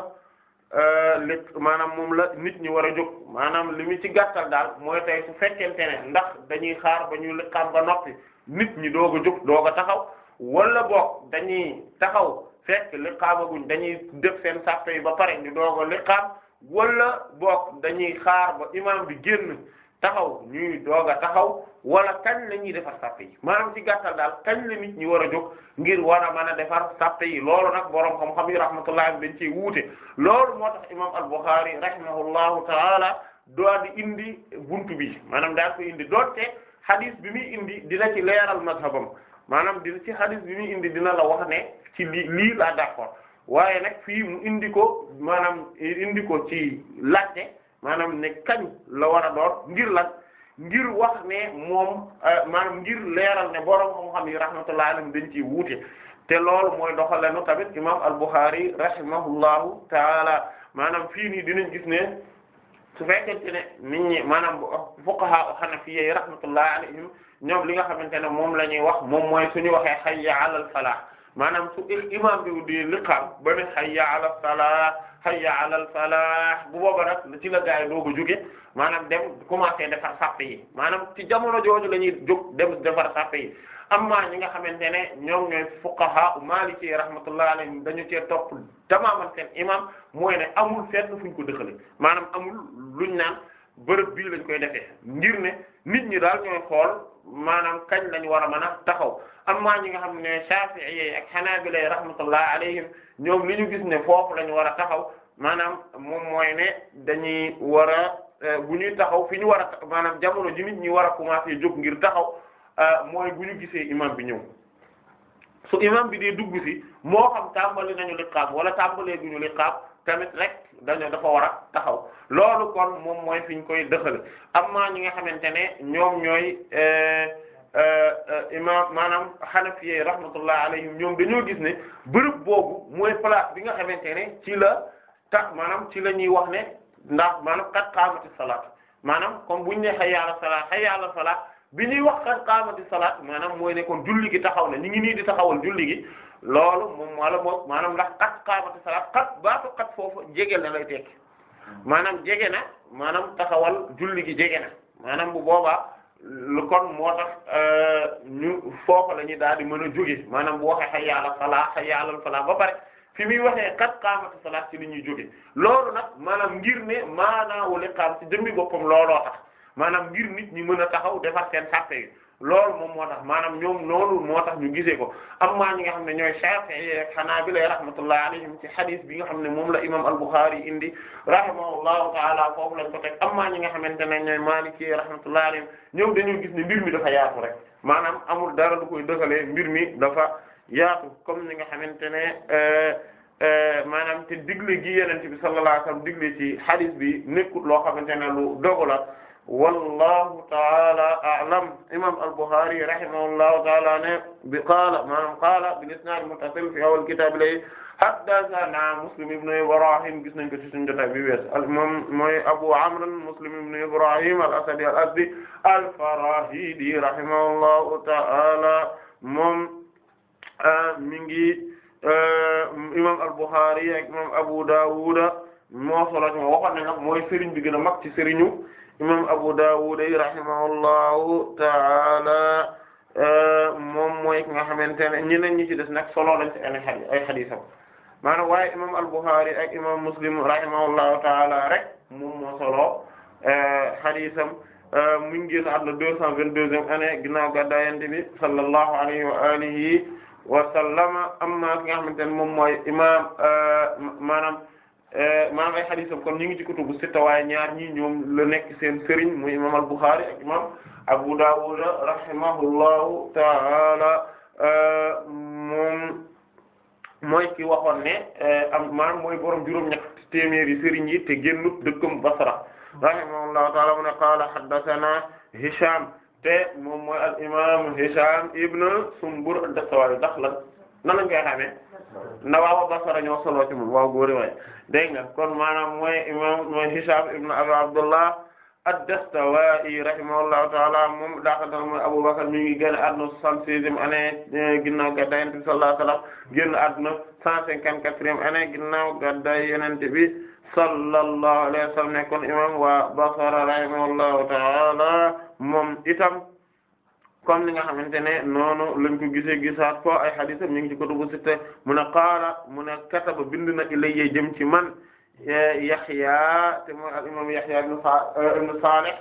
li maanaam moom la nit ñi war a jóg maanaam li mu ci gàttal daal mooy tey su fekkente ne ndax dañuy xaar ba ñuy liqaam ba noppi nit ñi doog a jóg doog taxaw wala boog dañuy taxaw fekk liqaamaguñ dañuy def seen sàppe yi ba pare ñu doog a liqaam wala boog dañuy xaar ba imaam bi génn taxaw ñuy doog a taxaw wala kañ la ñuy defar sàppe yi maanaam ci gàttal daal kañ la nit ñi war a jóg ngir war a mën a defar sàppe yi loolu nag boroom xam-xam yi rahmatullah dañ ciy wuute loolu moo tax imaam al-Bukhari rahimahullahu taala doon di indi buntu bi maanaam daal ko indi doonte hadith bi muy indi dina ci leeral mazhabam maanaam dina ci xadis bi muy indi dina la wax ne ci lii la laa d'accord waaye nag fii mu indi ko maanaam indi ko ci laajte maanaam ne kañ la war a ngir lan ngir wax ne moom euh, maanaam ngir leeral ne borom xam-xam yi rahmatullahi alayhim dañ ciy wuute te loolu mooy doxalenu tamit imam al-Bukhari rahimahullahu taala maanaam fii nii dinañ gis ne su nit ñi maanaam ñoom li nga xamante ne moom la ñuy wax moom mooy suñu waxee hayya alal falah maanaam su imam bi di liqaam ba ne hayya alal falah hayya bu booba la ci la gaa yi doogu jóge maanaam dem commencé defar sàpp yi maanaam ci jamono jooju la ñuy jóg dem defar sàpp yi ñi nga xamante ne ñoom ñooy fuqaha maliki rahmatullah alayhim dañu cee topp tamaaman seen imam mooy ne amul fenn fuñ ko dëkkale maanaam amul luñ naan bërëb bii lañ koy defee ngir ne nit ñi daal ñooy xool maanaam kañ lañu war a mën a taxaw amma ñi nga xam ne Shafi'i ak Hanabila rahmatullah alayhim ñoom li ñu gis ne foofu lañu war a taxaw maanaam moom mooy ne dañuy war a euh, bu ñuy taxaw fi ñu war a maanaam jamono ji ñi war a commencé jóg ngir taxaw euh, mooy bu ñu gisee imam bi ñëw su imam bi dee dugg si moo xam tàmbali nañu liqaam wala tàmbalee guñu liqaam tamit rek dañoo dafa war a taxaw loolu kon moom mooy fi ñu koy dëxale amma ñi nga xamante ne ñoom ñooy euh, euh, euh, imam maanaam xanafiye rahmatullah alayhim ñoom dañoo gis ne bërëb boobu mooy place bi nga xamante ne ci la tax maanaam ci la ñuy wax ne ndax maanaam kat qaamati salaat maanaam comme buñ ne hayya ala salaat hayya ala salaat bi ñuy wax kat qaamati salaat maanaam mooy ne kon julli gi taxaw na ñi ngi nii di taxawal julli gi loolu moom wala boog maanaam ndax xat xaamata salaat xat baatu xat foofu jege la lay tekki maanaam jege na maanaam taxawal julli gi jege na maanaam bu boobaa lu kon moo tax euh, ñu foofu la ñuy daal di mën a jóge maanaam bu waxee xay yàlla falaa xay yàllal falaa ba pare fi muy waxee xat xaamata salaat ci ni ñuy jóge loolu nag maanaam ngir ne maanaa wala xaam ci jëmmi boppam looloo tax maanaam ngir nit ñi mën a taxaw defar seen sàppe yi loolu moom moo tax maanaam ñoom noonu moo tax ñu gisee ko amma ñi nga xam ne ñooy Shafi'i ak Hanabila rahmatullahi alayhim ci hadith bi nga xam ne moom la imam al-Bukhari indi rahimahullahu ta'ala foofu lañ ko teg amma ñi nga xamante ne ñooy Maliki rahmatullahi alayhim ñoom dañoo gis ne mbir mi dafa yaatu rek maanaam amul dara lu koy dëgalee mbir mi dafa yaatu comme ni nga xamante ne euh, euh, maanaam te digle gi yenente bi sallallahu alayhi wasallam digle ci hadith bi nekkul loo xamante ne lu dogu wallahu taala a'lam imam al-Bukhari rahimahullahu taala ne bi qaala maanaam qaala bil isnaad muttasil fi awwal kitaab lay haddathana Muslim ibn Ibrahim gis nañ ko ci suñu jotaay bi wees moom mooy Abu Amr Muslim ibn Ibrahim al-Asadi al-Azdi al-Farahidi rahimahullahu ta'ala moom ah, mi ngi ah, imam al-Bukhari ak imam Abu Dawud moo solo ci moom waxoon nañ nag mooy sëriñ bi gën a mag ci sëriñu imam Abu Dawud rahimahullahu ta'ala eh, moom mooy ki nga xamante ne ñeneen ñi ci des nag solo lañ ci ay xadiisam maanaam waaye imam al-Bukhari ak imam Muslim rahimahullahu ta'ala rek moom moo solo eh, xadiisam eh, mu ngi génn àdduna deux cent vingt-deuxième année ginnaaw gàddaay Yonent bi sallallahu alayhi wa alihi wa sallama nga xamante ne moom mooy imam maanaam Eh, maanaam ay xadisam kon ñi ngi ci kutubu sitta waaye ñaar ñi ñoom la nekk seen sëriñ muy imam al-Bukhari ak imam Abu Dawud rahimahullahu ta'ala eh, moom mooy ki waxoon ne eh, am mooy borom juróom-ñett téeméeri sëriñ yi te génnut dëkkam Basra rahimahullahu ta'ala mu ne qaala haddathana Hisham te moom mooy al imam Hisham ibn Sumbur ad-Dastawaay ndax lan nan lañ koy xamee ñoo solo ci moom waaw góori waaye dégg nga kon maanaam mooy imam mooy Hisham ibn Abi Abdullah ad-Dastuwaa'i rahimahullahu ta'ala moom daaxatal mooy Abu Bakr mi ngi génn àdduna soixante-seizième année eh, ginnaaw bi sallallahu alayhi wa sallam génn àdduna cent wa sallam nekkoon imam waa ta'ala moom itam comme ni nga xam ne noonu lañ ko gisee gisaat ko ay xadisam ñu ngi ci kutubu sitta mu ne qaala mu ne kataba bind na ilayya jëm ci man Yaxya te mooy al imam Yaxya euh, ibn Salih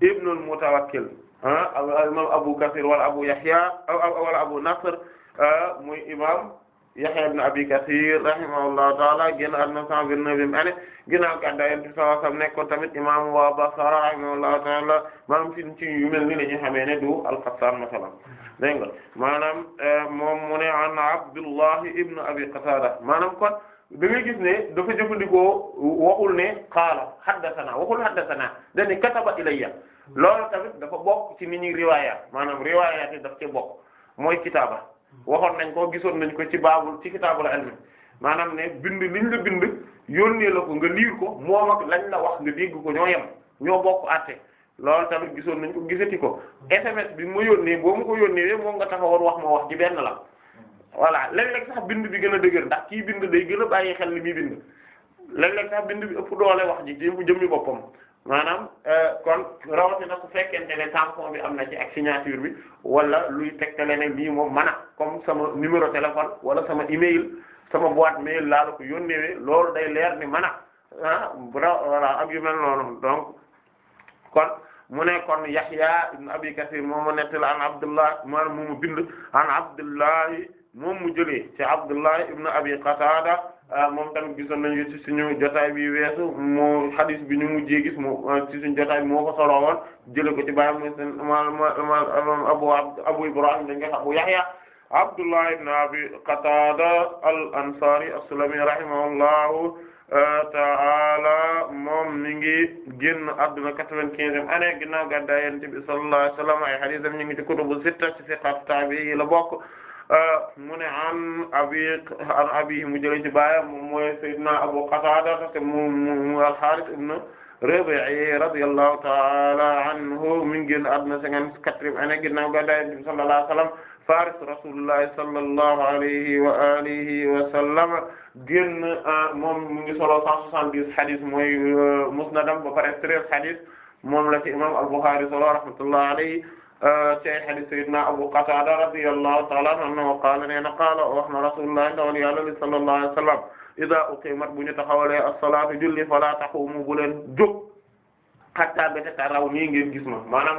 ibn al-Mutawakkil ah al imam Abu Kasir wala Abu Yaxya wala Abu Nasr euh, muy imam Yahya ibn Abi Kathir rahimahullahu ta'ala génn àdduna 129e année ginnaaw gàddaay Yonent bi sallallahu alayhi wasallam nekkoon tamit imaamu waa Basra rahimahullahu ta'ala maanaam ci ci yu mel ni la ñu xamee ne du al-Qattan masalan dégg nga maanaam euh, moom mu ne an Abdullah ibn Abi Qatada maanaam kon da ngay gis ne dafa jëfandikoo waxul ne qaala haddathana waxul haddathana dañu kataba ilayya loolu tamit dafa bo ci ni ñuy riwaaya maanaam riwaaya te daf ci bokk mooy kitaaba. waxoon nañ koo gisoon nañ ko ci baabul ci kitaabul ilmi maanaam ne bind liñ la bind yónnee la ko nga liir ko moom ak lañ la wax nga dégg ko ñoo yem ñoo bokk àtte loolu tamit gisoon nañ ko gisati ko SMS bi ma yónnee boo ma ko yónnee moom nga taxawoon wax ma wax ji benn la voilà léeg-léeg sax bind bi gën a dëgër ndax kii bind day gën a bàyyi xel li muy bind léeg-léeg sax bind bi ëpp doole wax ji jëm jëmmi boppam maanaam euh, kon rawatina su fekkente ne tampon bi am na ci ak signature bi wala luy tegtale ne lii moom mën a comme sama numéro téléphone wala sama email sama boîte mail laa la ko yónnee loolu day leer ni mën a ah yu mel noonu donc kon mu ne kon Yahya ibn Abi Kathir moom mu nettali an Abdullah maanaam mu bind an Abdullah moom mu jëlee ci Abdullah ibn Abi Qatada Ah, moom tamit gisoon nañu ci suñu jotaay bi weesu moo xadis bi ñu mujjee gis mu ah, ci suñu jotaay bi moo ko solo woon jëlee ko ci bàyyam mooy seen maal maal abu ibrahim dañ koy abu yahya abdullah ibn abi qatada al ansari as-sulami rahimahullahu ah, ta'ala moom mi ngi génn àdduna quatre-vingt-quinzième année ginnaaw gàddaay yonent bi sallallahu alayhi wasallam ay xadisam la bokk Euh, mu ne an abi an abi mu jëlee ci baayam moom mooy Seydina Abu Qatada te mu mu al-Harith ibn Rabi'i radiyallahu ta'ala anhu mi ngi génn àdduna cinquante-quatrième année ginnaaw gàddaay Yonent bi sallallahu alayhi wa sallam faris rasulillahi sallallahu alayhi wa alihi wa sallam génn euh, moom mu ngi solo cent soixante-dix hadith mooy euh, musnadam ba pare treize hadith moom la ci imam al-Bukhari solo rahmatullahi alayhi ci hadith sayyidina Abu Qatada radiyallahu ta'ala anhu qaala nee na qaala wax na rasulullah ndawal yàlla li sallallahu alayhi wa sallam idha uqimat bu ñu taxawalee as-salaatu julli fala taqumu bu leen jóg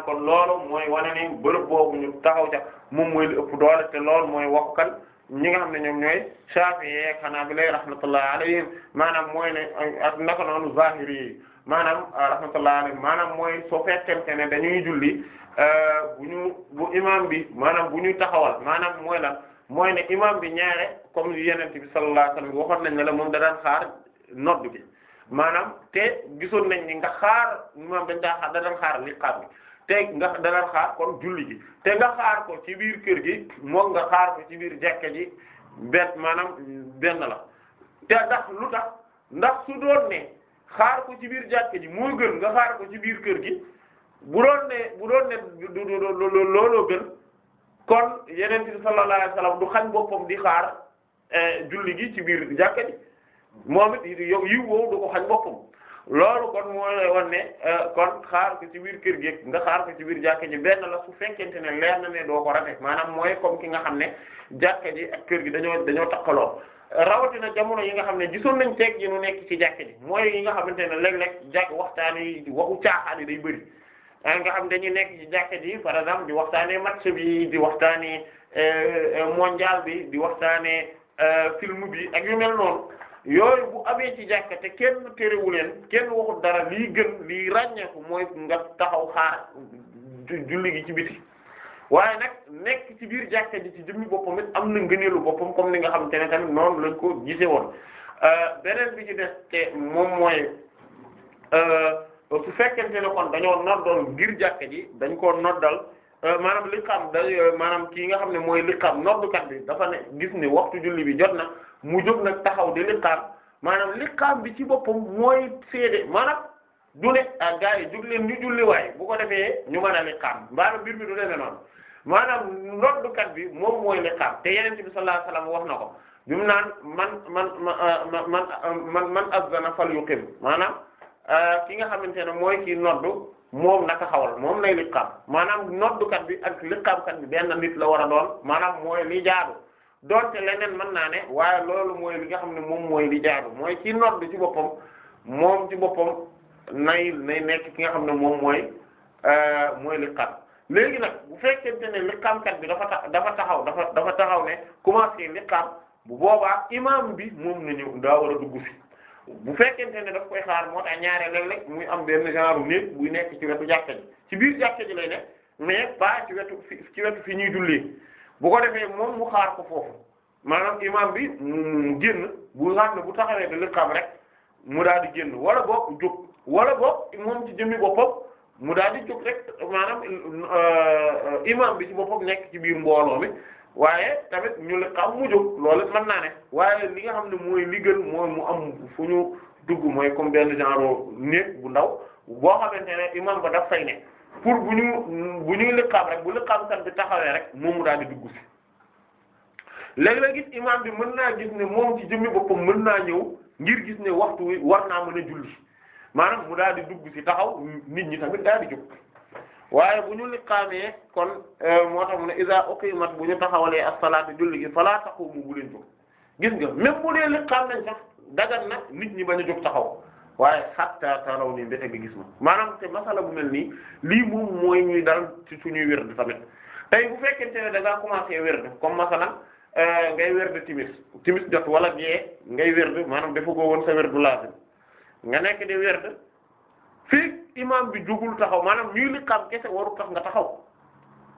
kon loolu mooy wane ni boobu ñu taxaw ca moom mooy li te loolu mooy wax kan ñi nga xam ne ñoom ñooy Shafi'i ak Hanabila rahmatullahi alayhim maanaam mooy ne ak naka noonu Zahiri yi maanaam rahmatullahi alayhim maanaam mooy soo fekkente ne dañuy julli Euh, bu ñu bu imam bi maanaam bu ñuy taxawal maanaam mooy lan mooy ne imam bi ñaare comme yeneen bi sallallahu alayhi wa sallam waxoon nañ ne la moom da daan xaar nodd bi maanaam te gisoon nañ ni nga xaar imam dañ daa da daan xaar te nga da daan xaar gi te nga xaar ko ci biir kër gi moom nga xaar ko ci biir jàkka ji benn maanaam benn la te ndax lu tax ndax su doon ne xaar ko ci biir jàkka ji moo gën nga xaar ko ci biir kër gi bu doon ne bu doon ne looloo gën kon yeneen bi sallallahu alayhi wasallam du xañ boppam di xaar eh, julli gi ci biir jàkka ji moom it yow yiw woowu du ko xañ boppam loolu kon moo lay wan ne eh, kon xaar ko ci biir kër gi nga xaar ko ci biir jàkka ji benn la su fekkente ne leer na ne doo ko rate maanaam mooy comme ki nga xam ne jàkka ji ak kër gi dañoo dañoo takkaloo rawatina jamono yi nga xam ne gisoon nañ teeg ji nu nekk ci jàkka ji mooy yi nga xamante ne léeg-léeg jàkk waxtaan yi waxu caaxaan yi day bëri Ah nga xam dañuy nekk ci jàkka ji par exemple di waxtaanee match bi di waxtaanee euh, mondial bi di waxtaanee euh, film bi ak yu mel noonu yooyu bu amee ci jàkka te kenn terewu leen kenn waxul dara lii gën lii ràññeeku mooy nga taxaw xaar julli gi ci biti waaye nag nekk ci biir jàkka ji ci jëmmi boppam am na ngëneelu boppam comme ni nga xamante ne tamit noonu lañ ko gisee woon euh, beneen bi ci des te moom mooy. su fekkente ne kon dañoo noddoon ngir jàkka ji dañ koo noddal maanaam liqaam da maanaam kii nga xam ne mooy liqaam noddukat bi dafa ne gis ni waxtu julli bi jot na mu jóg nag taxaw di liqaam maanaam liqaam bi ci boppam mooy seede maanaam du ne ak gars yi jóg leen ñu julliwaay bu ko defee ñu mën a liqaam maanaam mbir mi du demee noonu maanaam noddukat bi moom mooy liqaam te yeneen bi sallallahu alayhi wasallam wax na ko bi mu naan man man man man man azana fal yuqim maanaam Euh, ki nga xamante ne mooy kii noddu moom naka xawal moom lay liqaam maanaam noddukat bi ak liqaamkat bi benn nit la war a lool maanaam mooy li jaadu donte leneen mën naa ne waaye loolu mooy li nga xam ne moom mooy li jaadu mooy kii noddu ci boppam moom ci boppam nay nay nekk ki nga xam ne moom mooy euh, mooy liqaam léegi nag bu fekkee fekkente ne liqaamkat bi dafa ta dafa taxaw dafa dafa taxaw ne commencé liqaam bu boobaa imaam bi moom na ñëw daa war a dugg fi bu fekkee ne daf koy xaar moo tax ñaare léeg-léeg muy am benn genre néeg buy nekk ci wetu jàkka ji ci biir jàkka ji lay ne mais pas ci wetu fi ci wetu fi ñuy jullee bu ko defee moom mu xaar ko foofu maanaam imam bi mu génn bu xam ne bu taxawee da lëkkam rek mu daal di génn wala boog jóg wala boog moom ci jëmmi boppam mu daal di jóg rek maanaam euh, imam bi ci boppam nekk ci biir mbooloo mi waaye tamit ñu la am mu jóg loolu mën naa ne waaye li nga xam ne mooy li gën mooy mu am fu ñu dugg mooy comme benn genre néeg bu ndaw boo xamante ne imam ba daf fay ne pour bu ñu bu ñuy liqaam rek bu liqaamkat bi taxawee rek moom mu daal di dugg si léeg-léeg gis imam bi mën naa gis ne moom ci jëmmi boppam mën naa ñëw ngir gis ne waxtu war naa mën a julli maanaam mu daal di dugg si taxaw nit ñi tamit daal di jóg waaye bu ñu liqaamee kon euh, moo tax mu ne iza mat bu ñu taxawalee as-salaatu julli gi fala taqumu bu leen jóg gis nga même bu dee liqaam nañ sax dagan na nit ñi bañ a jóg taxaw waaye hatta taraw nii mbete gi gis ma maanaam te masala bu mel nii lii bu mooy ñuy dal ci suñuy wird tamit tey bu fekkente ne da ngaa commencé wird comme masalan euh, ngay werd timis timis jot wala gee ngay werd maanaam dafa goo woon sa werdu laazim nga nekk di werd fii imam bi jugul taxaw maanaam lii li xam kese waru tax nga taxaw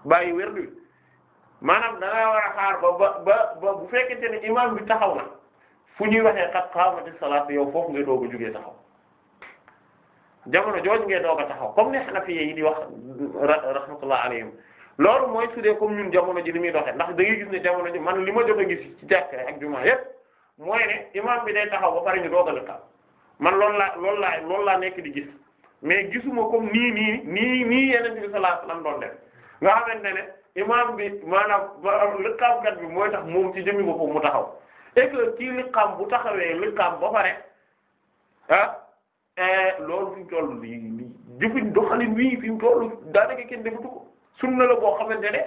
bàyyi wér bi maanaam da ngaa war a xaar ba ba ba bu fekkente ne imam bi taxaw na fu ñuy waxee kat xaamati salaat yow foofu ngay doog a jugee taxaw jamono jooju ngay doog a taxaw comme ni Hanafi yi di wax rahmatullah alayhim loolu mooy su dee comme ñun jamono ji ni muy doxee ndax da gis ne jamono ji man li ma jot a gis ci jàkk ak jumaa yépp mooy ne imam bi day taxaw ba pare ñu doog a man loolu laa loolu laa loolu laa nekk di mais gisuma comme nii nii nii nii yeneen bi sallallahu alayhi wasallam doon def nga xamante ne imaam bi maanaam liqaamkat bi mooy tax moom ci jëmmi boppam mu taxaw et bu taxawee liqaam ba pare ah eh, loolu fi mu toll doxalin wii fi mu toll kenn defatu ko sunna la boo xamante ne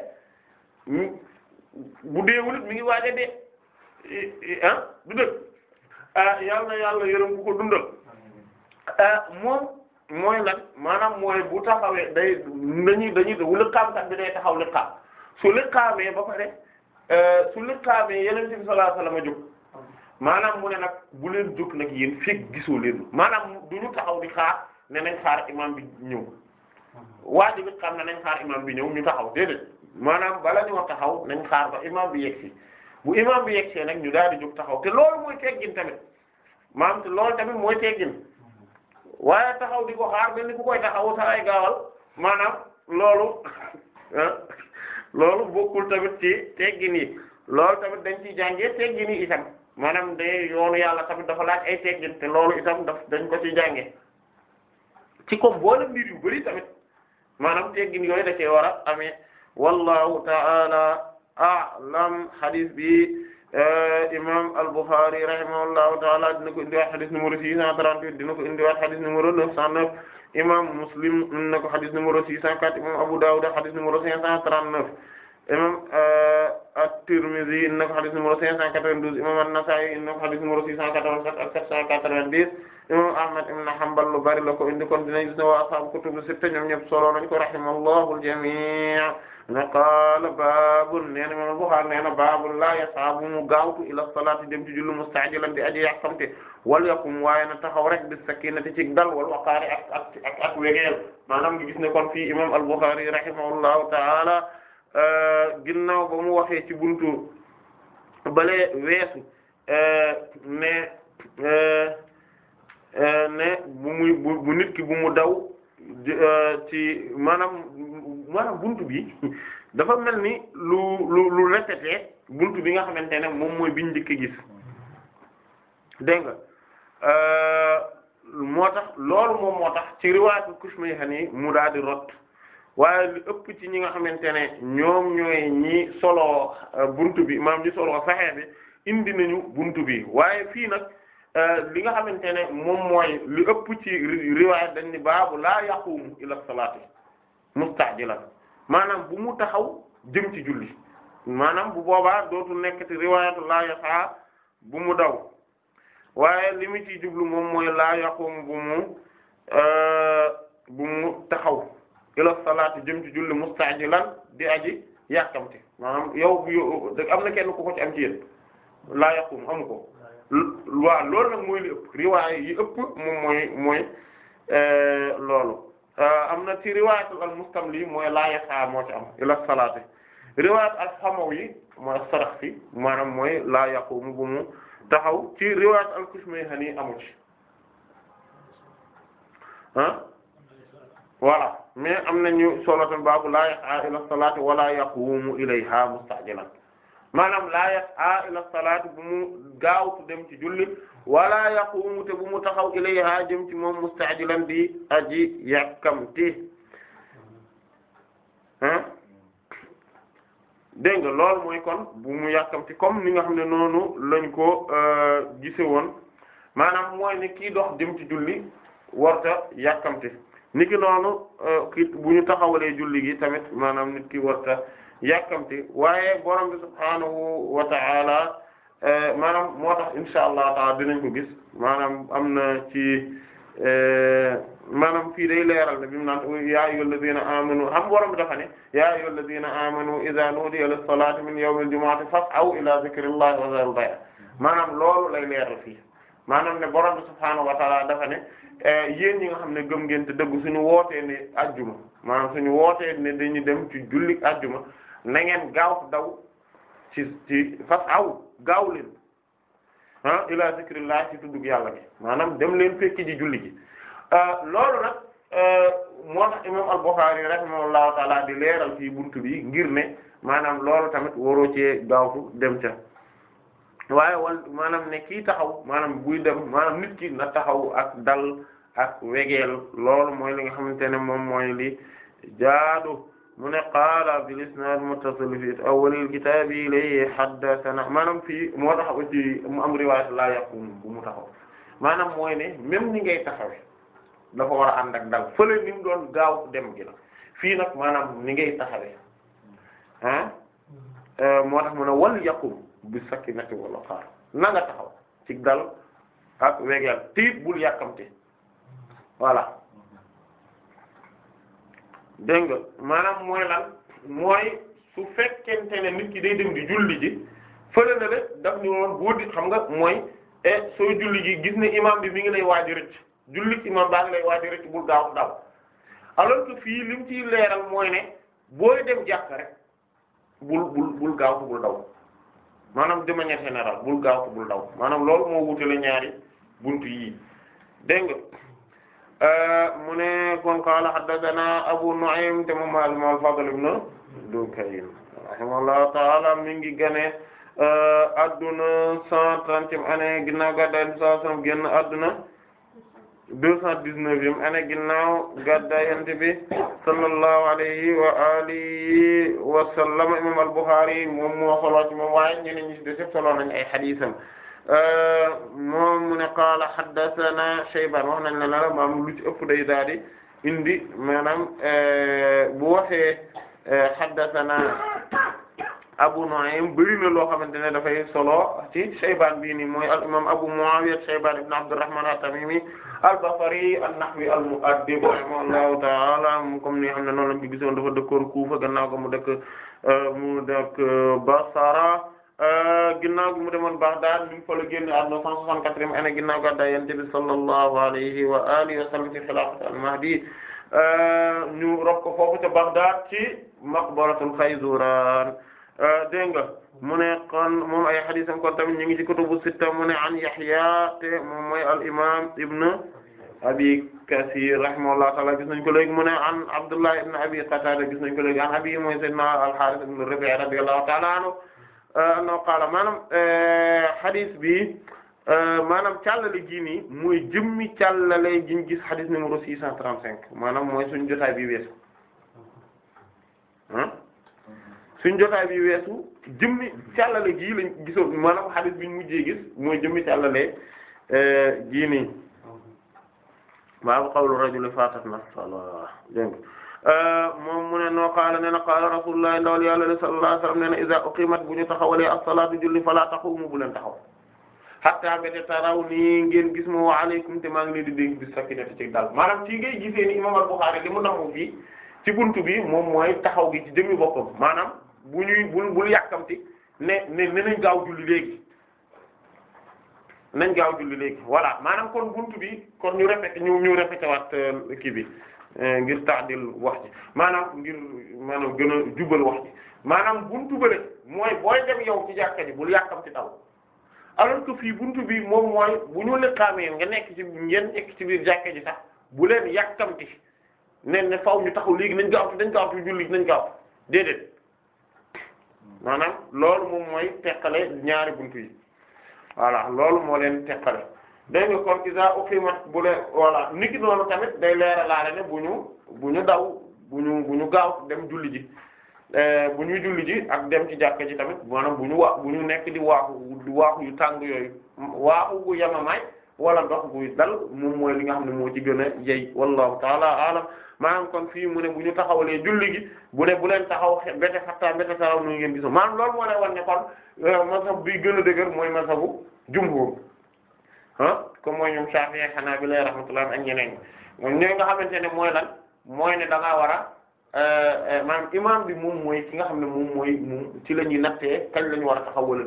bu deewul mi ngi waaj a dee eh, eh, ah du ah, na yàlla yërëm bu ko dundal ah, moom. mooy nag maanaam mooy bu taxawee day dañuy dañuy lëkkaamkat bi day taxaw lëkkaam su lëkkaamee ba pare euh, su lëkkaamee yeneen bi sallallahu alayhi wasallam a jóg maanaam mu ne nag bu leen jóg nag yéen fekk gisoo leen maanaam du ñu taxaw di xaar ne nañ xaar imam bi ñëw waa ji lëkkaam ne nañ xaar imam bi ñëw ñu taxaw déedéet maanaam bala ñu taxaw nañ xaar ba imam bi yegg bu imam bi yegg see nag ñu daal di jóg taxaw te lool mooy teggin tamit maanaam te loolu tamit mooy teggin waaye taxaw di ko xaar mel ni koy taxaw sa ay gaawal maanaam loolu ah, loolu bokkul tamit ci teggin loolu tamit dañ ciy jàngee teggin yi itam maanaam day yoonu yàlla tamit dafa laaj ay teggin te loolu itam daf dañ ko ci jàngee ci comme boole mbir yu bari tamit maanaam teggin yooyu da cee war a amee wallahu ta'ala a'lam hadith bi Eh, imam al-Bukhari rahimahullahu taala dina ko indiwaat xadis numéro 638 dina ko indiwaat xadis numéro 909 imam Muslim na ko xadis numéro 604 imam Abu Dawud xadis numéro 539 imam eh, at-Tirmidhi na ko xadis numéro 592 imam an-Nasa'i na ko xadis numéro 687 imam Ahmad ibn Hanbal lu bari indi kon dinañ gis ne waa ashaabu kutubu sitta ñoom solo nañ ko rahimahullahu al-jami' ne qaala baabul nee na imam Bukhari nee na laa yasaabu mu gaawtu ila salaati dem ci julli mustaajilan di aji yàkkamte wal yaqum waaye na taxaw rek bi sakinati ci dal wal waqaari ak ak ak ak wegeel maanaam ngi gis ne kon fii imam al-Bukhari rahimahullahu ta'ala euh, ginnaaw ba mu waxee ci buntu bale weesu euh, ne euh, ne bu muy bu nit ki bu mu daw ci maanaam maanaam bunt bi dafa mel ni lu lu lu répété bunt bi nga xamante ne moom mooy biñ njëkk a gis dégg euh, moo tax loolu moom moo tax ci riwaatu Kushmayhani mu daal di rot waaye li ëpp ci ñi nga xamante ne ñoom ñooy ñi solo euh, bunt bi maam ñi solo saxee bi indi nañu bunt bi waaye fii nag euh, li nga xamante ne moom mooy li ëpp ci riwaay dañ ni baabu laa yaqumu ila salaati musta'jilan maanaam bu mu taxaw jëm ci julli maanaam bu boobaa dootul nekkati riwaayatu laa yasaa bu mu daw waaye li mu ciy jublu moom mooy laa yaqumu bu mu euh, bu mu taxaw ila salaati jëm ci julli musta'jilan di aji yàkkamte maanaam yow am na kenn ku ko am ci laa yaqumu amu ko waaw mooy li ëpp riwaay yi ëpp moom mooy euh, loolu Euh, am na ci riwaayatul al mustamli mooy laa yasaa moo ci am ila salaati riwaayat al hamawi mooy saraxsi maanaam mooy laa yaqumu bu mu taxaw ci riwaayat al kushmayhani amu ci ah voilà mais am nañu solo tam baabu laa yasaa ila salaati wala yaqumu ilayha mustajilan maanaam laa yasaa ila salaati bu mu gaawtu dem ci julli wala yaqumu te bu mu taxaw ilayha jëm ci moom musta'jilan bi aji yàkkamti ah dégg nga loolu mooy kon bu mu yàkkamti comme ni xam ne noonu lañ ko euh, gise woon maanaam mooy ne kii dox jëm ci julli warta yàkkamti niki noonu euh, kii bu ñu taxawalee julli gi tamit maanaam nit ki warta yàkkamti waaye borom bi subhaanahu Eh, maanaam moo tax insha allah taala dinañ ko gis maanaam am na ci eh, maanaam fii day leeral ne bi mu naan yaa ayyuhal ladina amanu am borom dafa ne yaa ayyuhal ladina amanu idha nudiya lis salati min yawmil jumu'ati fas'aw ila dhikrillahi wa dharul bay' maanaam loolu lay leeral fii maanaam ne borom subhaanahu wa taala dafa ne eh, yéen ñi nga xam ne gëm ngeen te dëgg suñu wootee ne ajjuma maanaam suñu wootee ne dañu dem ci julli ajjuma na ngeen gaaw daw ci ci fas aw gaaw leen ah ila zikrillah ci tuddug yàlla gi maanaam dem leen fekki ji julli gi ah, loolu nag euh, moo tax imam al-Bukhari rahimahullahu taala di leeral fii buntu bi ngir ne maanaam loolu tamit waroo cee gaawtu dem ca waaye wal maanaam ne kii taxaw maanaam buy dem maanaam nit ki na taxaw ak dal ak wegeel loolu mooy li nga xamante ne moom mooy li mu ne qaala bil isnaad muttasil fi awwalil kitaab ilayhi haddathana maanaam fii moo tax aussi mu am riwaayat laa yaqum bu mu taxaw maanaam mooy ne même ni ngay taxawee dafa war a ànd ak dal fële ni mu doon gaaw dem gi la fii nag maanaam ni ngay taxawee ah eh, moo tax mu ne wal yaqum bi sakinati wal waqaar na nga taxaw ci dal ak wegeel tiit bul yàkkamte voilà dégg nga maanaam mooy lan mooy su fekkente ne nit ki day dem di julli ji fële na le daf ni woon boo di xam nga mooy soo e sooy julli ji gis ne imam bi mi ngi lay waaj a rëcc julli imam baa ngi lay waaj a rëcc bul gaaw daw alors que fii lim ciy leeral mooy ne booy dem jàkk rek bul bul bul gaaw bul daw maanaam de manière générale bul gaaw bul daw maanaam loolu moo wutale ñaari buntu yi dégg nga mu ne kon qaala haddathana Abu Nu'aym te moom al-Fadl ibn Dukayn rahimahullahu ta'ala mi ngi gane euh, adduna cent trentième année ginnaaw gàddaay Yonent bi sallallahu alayhi wa sallam génn adduna deux cent dix-neuvième année ginnaaw gàddaay Yonent bi sallallahu alayhi wa alihi wa sallam imam al-Bukhari moom moo solo ci moom waaye ñeneen ñi ci def solo nañ ay hadiisam Euh, moom mu ne qaala haddathana Shaybaan wax nañ ne la maam lu ci ëpp day daal di indi maanaam euh, bu waxee euh, haddathana Abu Nu'aym bëri na loo xamante ne dafay solo ci Shaybaan bii nii mooy al imaam Abu Mu'aawiya Shaybaan ibn Abdurrahmaan at-Tamiimi al-Basri an-Nahwi al-Mu'addib rahimahullahu ta'ala comme ni xam ne noonu lañ ko gisoon dafa dëkkoon Kuufa gannaaw ko mu dëkk mu dëkk Basra Euh, ginnaaw bi mu demoon Baghdad ñu ngi fa la génn àdduna 164e année ginnaaw gàddaay Yonent bi sallallahu alayhi wa alihi wa sallam ci xilaafatu al-Mahdi euh, ñu rob ko foofu ca Baghdad ci maqbaratul Khayzuran euh, dégg nga mu ne kon moom ay hadiisam kon tamit ñu ngi ci kutubu sitta mu ne an Yahya te moom mooy al imaam Ibn Abi Kathir rahimahullahu ta'ala gis nañ ko léegi mu ne an Abdullah ibn Abi Qatada gis nañ ko léegi an abi mooy sayyidina al-Harith ibn Rabi' radiyallahu ta'ala anhu Euh, no qaala maanaam hadis euh, bi euh, maanaam càllale gii nii mooy jëmmi càllale gi ñu gis hadis numéro 635 maanaam mooy suñu jotaay bi weesu ah suñu jotaay bi weesu jëmmi càllale gii lañ gisoon maanaam hadis bi ñu mujjee gis mooy jëmmi càllale gii nii baabu qawlu rajuli fatat na sala dégg moom mu ne noo qaala nee na qaala rasulullah ndawal yàlla ne sallallahu alayhi bu ñu taxawalee as-salaatu julli fala taqumu bu leen taxaw hatta bi taraw nii ngeen gis ma wa aleykum te maa ngi leen di dégg bi sakinati ci dal maanaam ci ngay gisee ni imam al li mu naxu fii ci buntu bi moom mooy taxaw gi ci jëmmi boppam maanaam bu ñuy bul bul yàkkamti ne ne ne nañ gaaw julli léegi nañ gaaw julli léegi voilà maanaam kon buntu bi kon ñu répété ñu ñu répété waat euh, kii bi Eh, ngir taadil wax ji maanaam ngir maanaam gën jubal wax ji maanaam buntu bële mooy booy dem yow ci jàkka ji bul yàqam ci taw alors que fii buntu bi moom mooy bu ñu liqaamee nga nekk ci ngeen nekk ci biir jàkka ji sax bu leen yàkkamti ne ne faaw ñu taxaw léegi nañ gaaw dañ gaaw julli nañ gaaw déedéet maanaam loolu moom mooy teqale ñaari buntu yi voilà loolu moo leen teqale dégg nga kon isa uqimat bu leen voilà niki noonu tamit day leeralaale ne bu ñu bu ñu daw bu ñu gaaw dem julli ji eh, bu ñuy julli ji ak dem ci jàkka ji tamit maanaam bu ñu wa bu ñu nekk di waaxu di waaxu yu tàng yooyu waaxu bu yemamaay wala ndox buy dal moom mooy li nga xam ne moo ci gën a jey wallahu taala alam maanaam kon fii mu ne bu ñu taxawalee julli gi bu ne bu leen taxaw bete xattaa bete taxaw nu ngeen giso maanaam loolu moo lay wan ne kon eh, mazhab bi gën a dëgër mooy mazhabu jumhur ah comme mooy ñoom Shafi'i Hanabila rahmatullah ak ñeneen ñoom ñooy nga xamante ne mooy lan mooy ne da ngaa war euh, euh, imaam bi moom mooy ki nga xam ne moom mooy moom ci la ñuy nattee kañ la ñu xaw a taxaw wala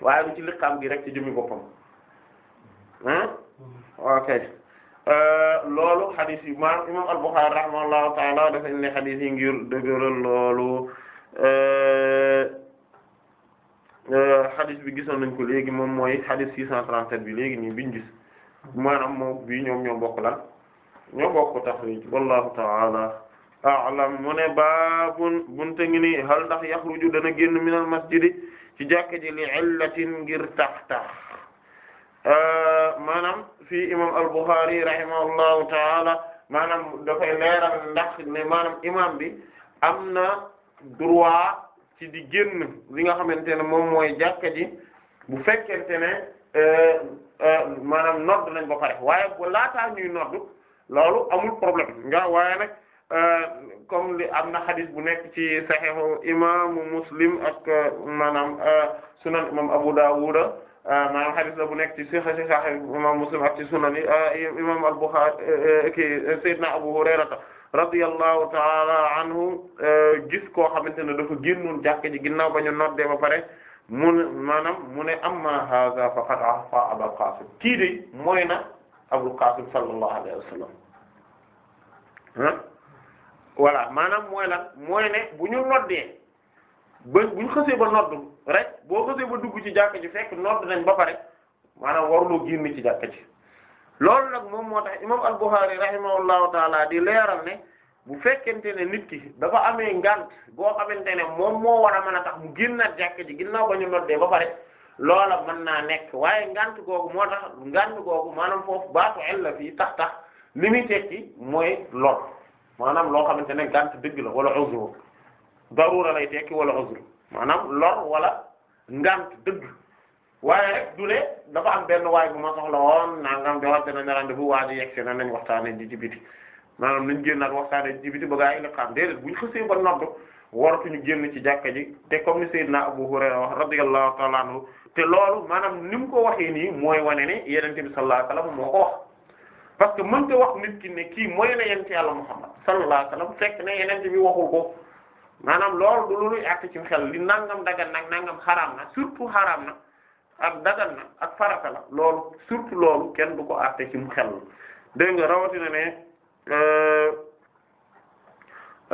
waaye lu ci liqaam gi rek ci jëmmi boppam ah ok euh, loolu xadis yi maanaam imaam al-Bukhari rahimahullahu taala dafa indi xadis ngir dëgëral loolu. Euh, xadis bi gisoon nañ ko léegi moom mooy xadis 637 bi léegi nii biñ gis maanaam moom bii ñoom ñoo bokk la ñoo bokk taxriij wallahu ta'ala a'lam mu ne baabun bunte ngi nii hal ndax yaxruju dana génn minal masjidi ci jàkka ji li illatin ngir tax tax euh, maanaam fii imam al-Bukhari rahimahullahu ta'ala maanaam dafay leeral ndax ne maanaam imam bi am na droit ci di génn li nga xamante ne moom mooy jàkka ji bu fekkente ne euh, euh, maanaam nodd nañ ba pare waaye bu laataa ñuy nodd loolu amul problème nga waaye nag euh, comme li am na xadis bu nekk ci saxiixu imaamu muslim ak maanaam sunan imam Abu Dawud maanaam xadis bu nekk ci saxiixu imam muslim ak ci sunan imam al-Bukhari ki Seydina Abu Hurayrata radiyallahu taala anhu euh, gis koo xamante ne dafa génnoon jàkka ji ginnaaw ba ñu noddee ba pare mu ne maanaam mu ne amma hadha faqad ahsa Abul kii de mooy na Abul Qasim sallallahu alayhi wa sallam ah maanaam mooy lan mooy ne bu ñu noddee ba bu ñu xësee ba nodd rek boo xësee ba dugg ci jàkka ji fekk nodd nañ ba pare maanaam waruloo génn ci jàkka ji loolu nag moom moo tax imam al-Bukhari rahimahullahu taala di leeral ne bu fekkente ne nit ki dafa amee ngant boo xamante ne moom moo war a mën a tax mu génnaat jàkk ji ginnaaw ba ñu noddee ba pare loola mën naa nekk waaye ngant googu moo tax ngant googu maanaam foofu baatu illa fii tax tax li muy tekki mooy lool maanaam loo xamante ne ngant dëgg la wala uzru darura lay tekki wala uzru maanaam lor wala ngant dëgg waaye rek du ne dafa am benn waay bu ma soxla woon nangam joxante nañ rendez-vous waa ji yegg si na nañ waxtaanee ji ci ci biti te comme ni Seydina Abu Hurayra wax radiyallahu te loolu maanaam ni mu ko waxee nii mooy wane ne Yonent bi sallallahu alayhi wasallam moo ko wax parce que mënta wax nit ki ne kii mooy na yonent Yàlla Muhammad sallallahu alayhi wasallam fekk ne Yonent bi waxul ko maanaam loolu du lu ñuy àtte ci xel li nangam dagan nag nangam xaraam na surtout xaraam na. ak dagal na ak farata la loolu surtout loolu kenn du ko at ci mu xel dégg nga rawatina ne euh,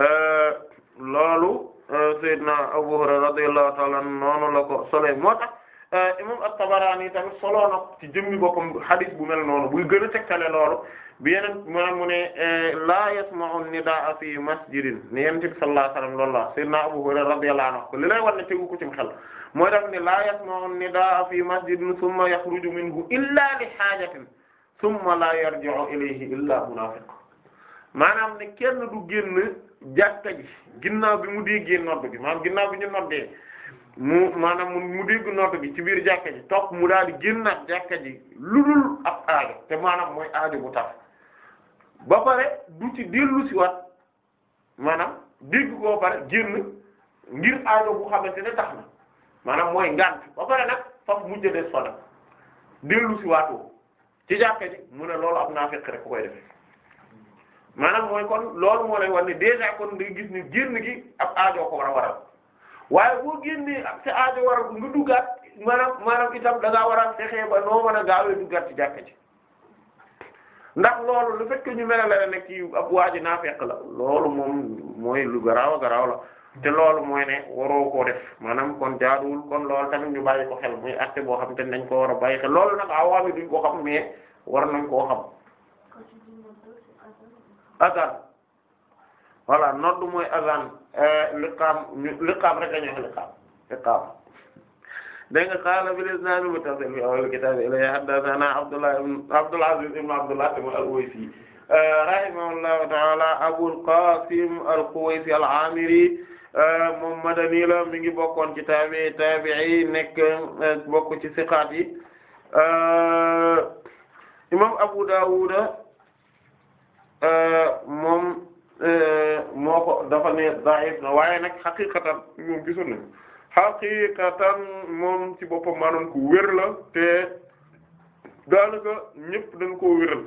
euh, loolu euh, Seydina Abu Hurayra radiyallahu ta'ala noonu la ko solee moo tax imam at-Tabarani tamit soloo na ci jëmmi boppam hadith bu mel noonu buy gën a tegtale loolu bi yeneen maanaam mu ne laa yasma'u nidaa fi masjidin ni yonent bi sallallahu alayhi wasallam loolu la Seydina Abu Hurayra radiyallahu anhu ko li lay war tegu ko ci xel moo tax ne laa yasma'u nidaa fi masjidin summa yakhruju minhu illaa li haajatin summa laa yarji'u ilayhi illaa munaafiq maanaam ne kenn du génn jàkka ji ginnaaw bi mu déggee nodd bi maanaam ginnaaw bi ñu noddee mu maanaam mu dégg nodd bi ci biir jàkka ji toog mu daal di génnaat jàkka ji lu dul ab te maanaam mooy aajo bu tax ba pare du ci dellu si waat maanaam dégg pare génn ngir aajo bu xamante ne tax na maanaam mooy ngànt ba pare nag faf mujj des fa nag dellu waatoo ci jàkke ji mu ne loolu am naa fekk rek ku koy def maanaam mooy kon loolu moo lay wan ne déjà kon nga gis ni génn gi ab aajo ko war a waral waaye boo génnee ak sa aajo waral nga duggaat maanaam maanaam itam da ngaa war a fexee ba noo mën a gaawee duggaat ci jàkka ji ndax loolu le fait que ñu melale la nekk ci ab waa ji naa fekk la loolu moom mooy lu garaaw a garaaw la te loolu mooy ne waroo koo def maanaam kon jaaduwul kon lool tamit ñu bàyyi ko xel muy acte boo xam te ne dañ ko war a bàyyi xel loolu nag awaami duñ ko xam mais war nañ koo xam azan voilà noddu mooy azan euh, liqaam rek dañuy wax liqaam liqaam dégg nga qaala bil isnaad fi awwal kitaab ilayhi haddathanaa Abdullah ibn Aziz ibn Abdullah ibn al-Uwaysi euh, rahimahullahu ta'ala Abul Qasim al-Quwaysi al-Amiri Euh, moom madani la mi ngi bokkoon ci taabi taabi'i nekk euh, bokk ci siqaat yi euh, imam Abu Dawud moom moo ko dafa ne da'if na waaye nag xaqiqatan moom gisoon nañu xaqiqatan moom ci boppam maanaam ku wér te daanaka ñëpp dañ koo wéral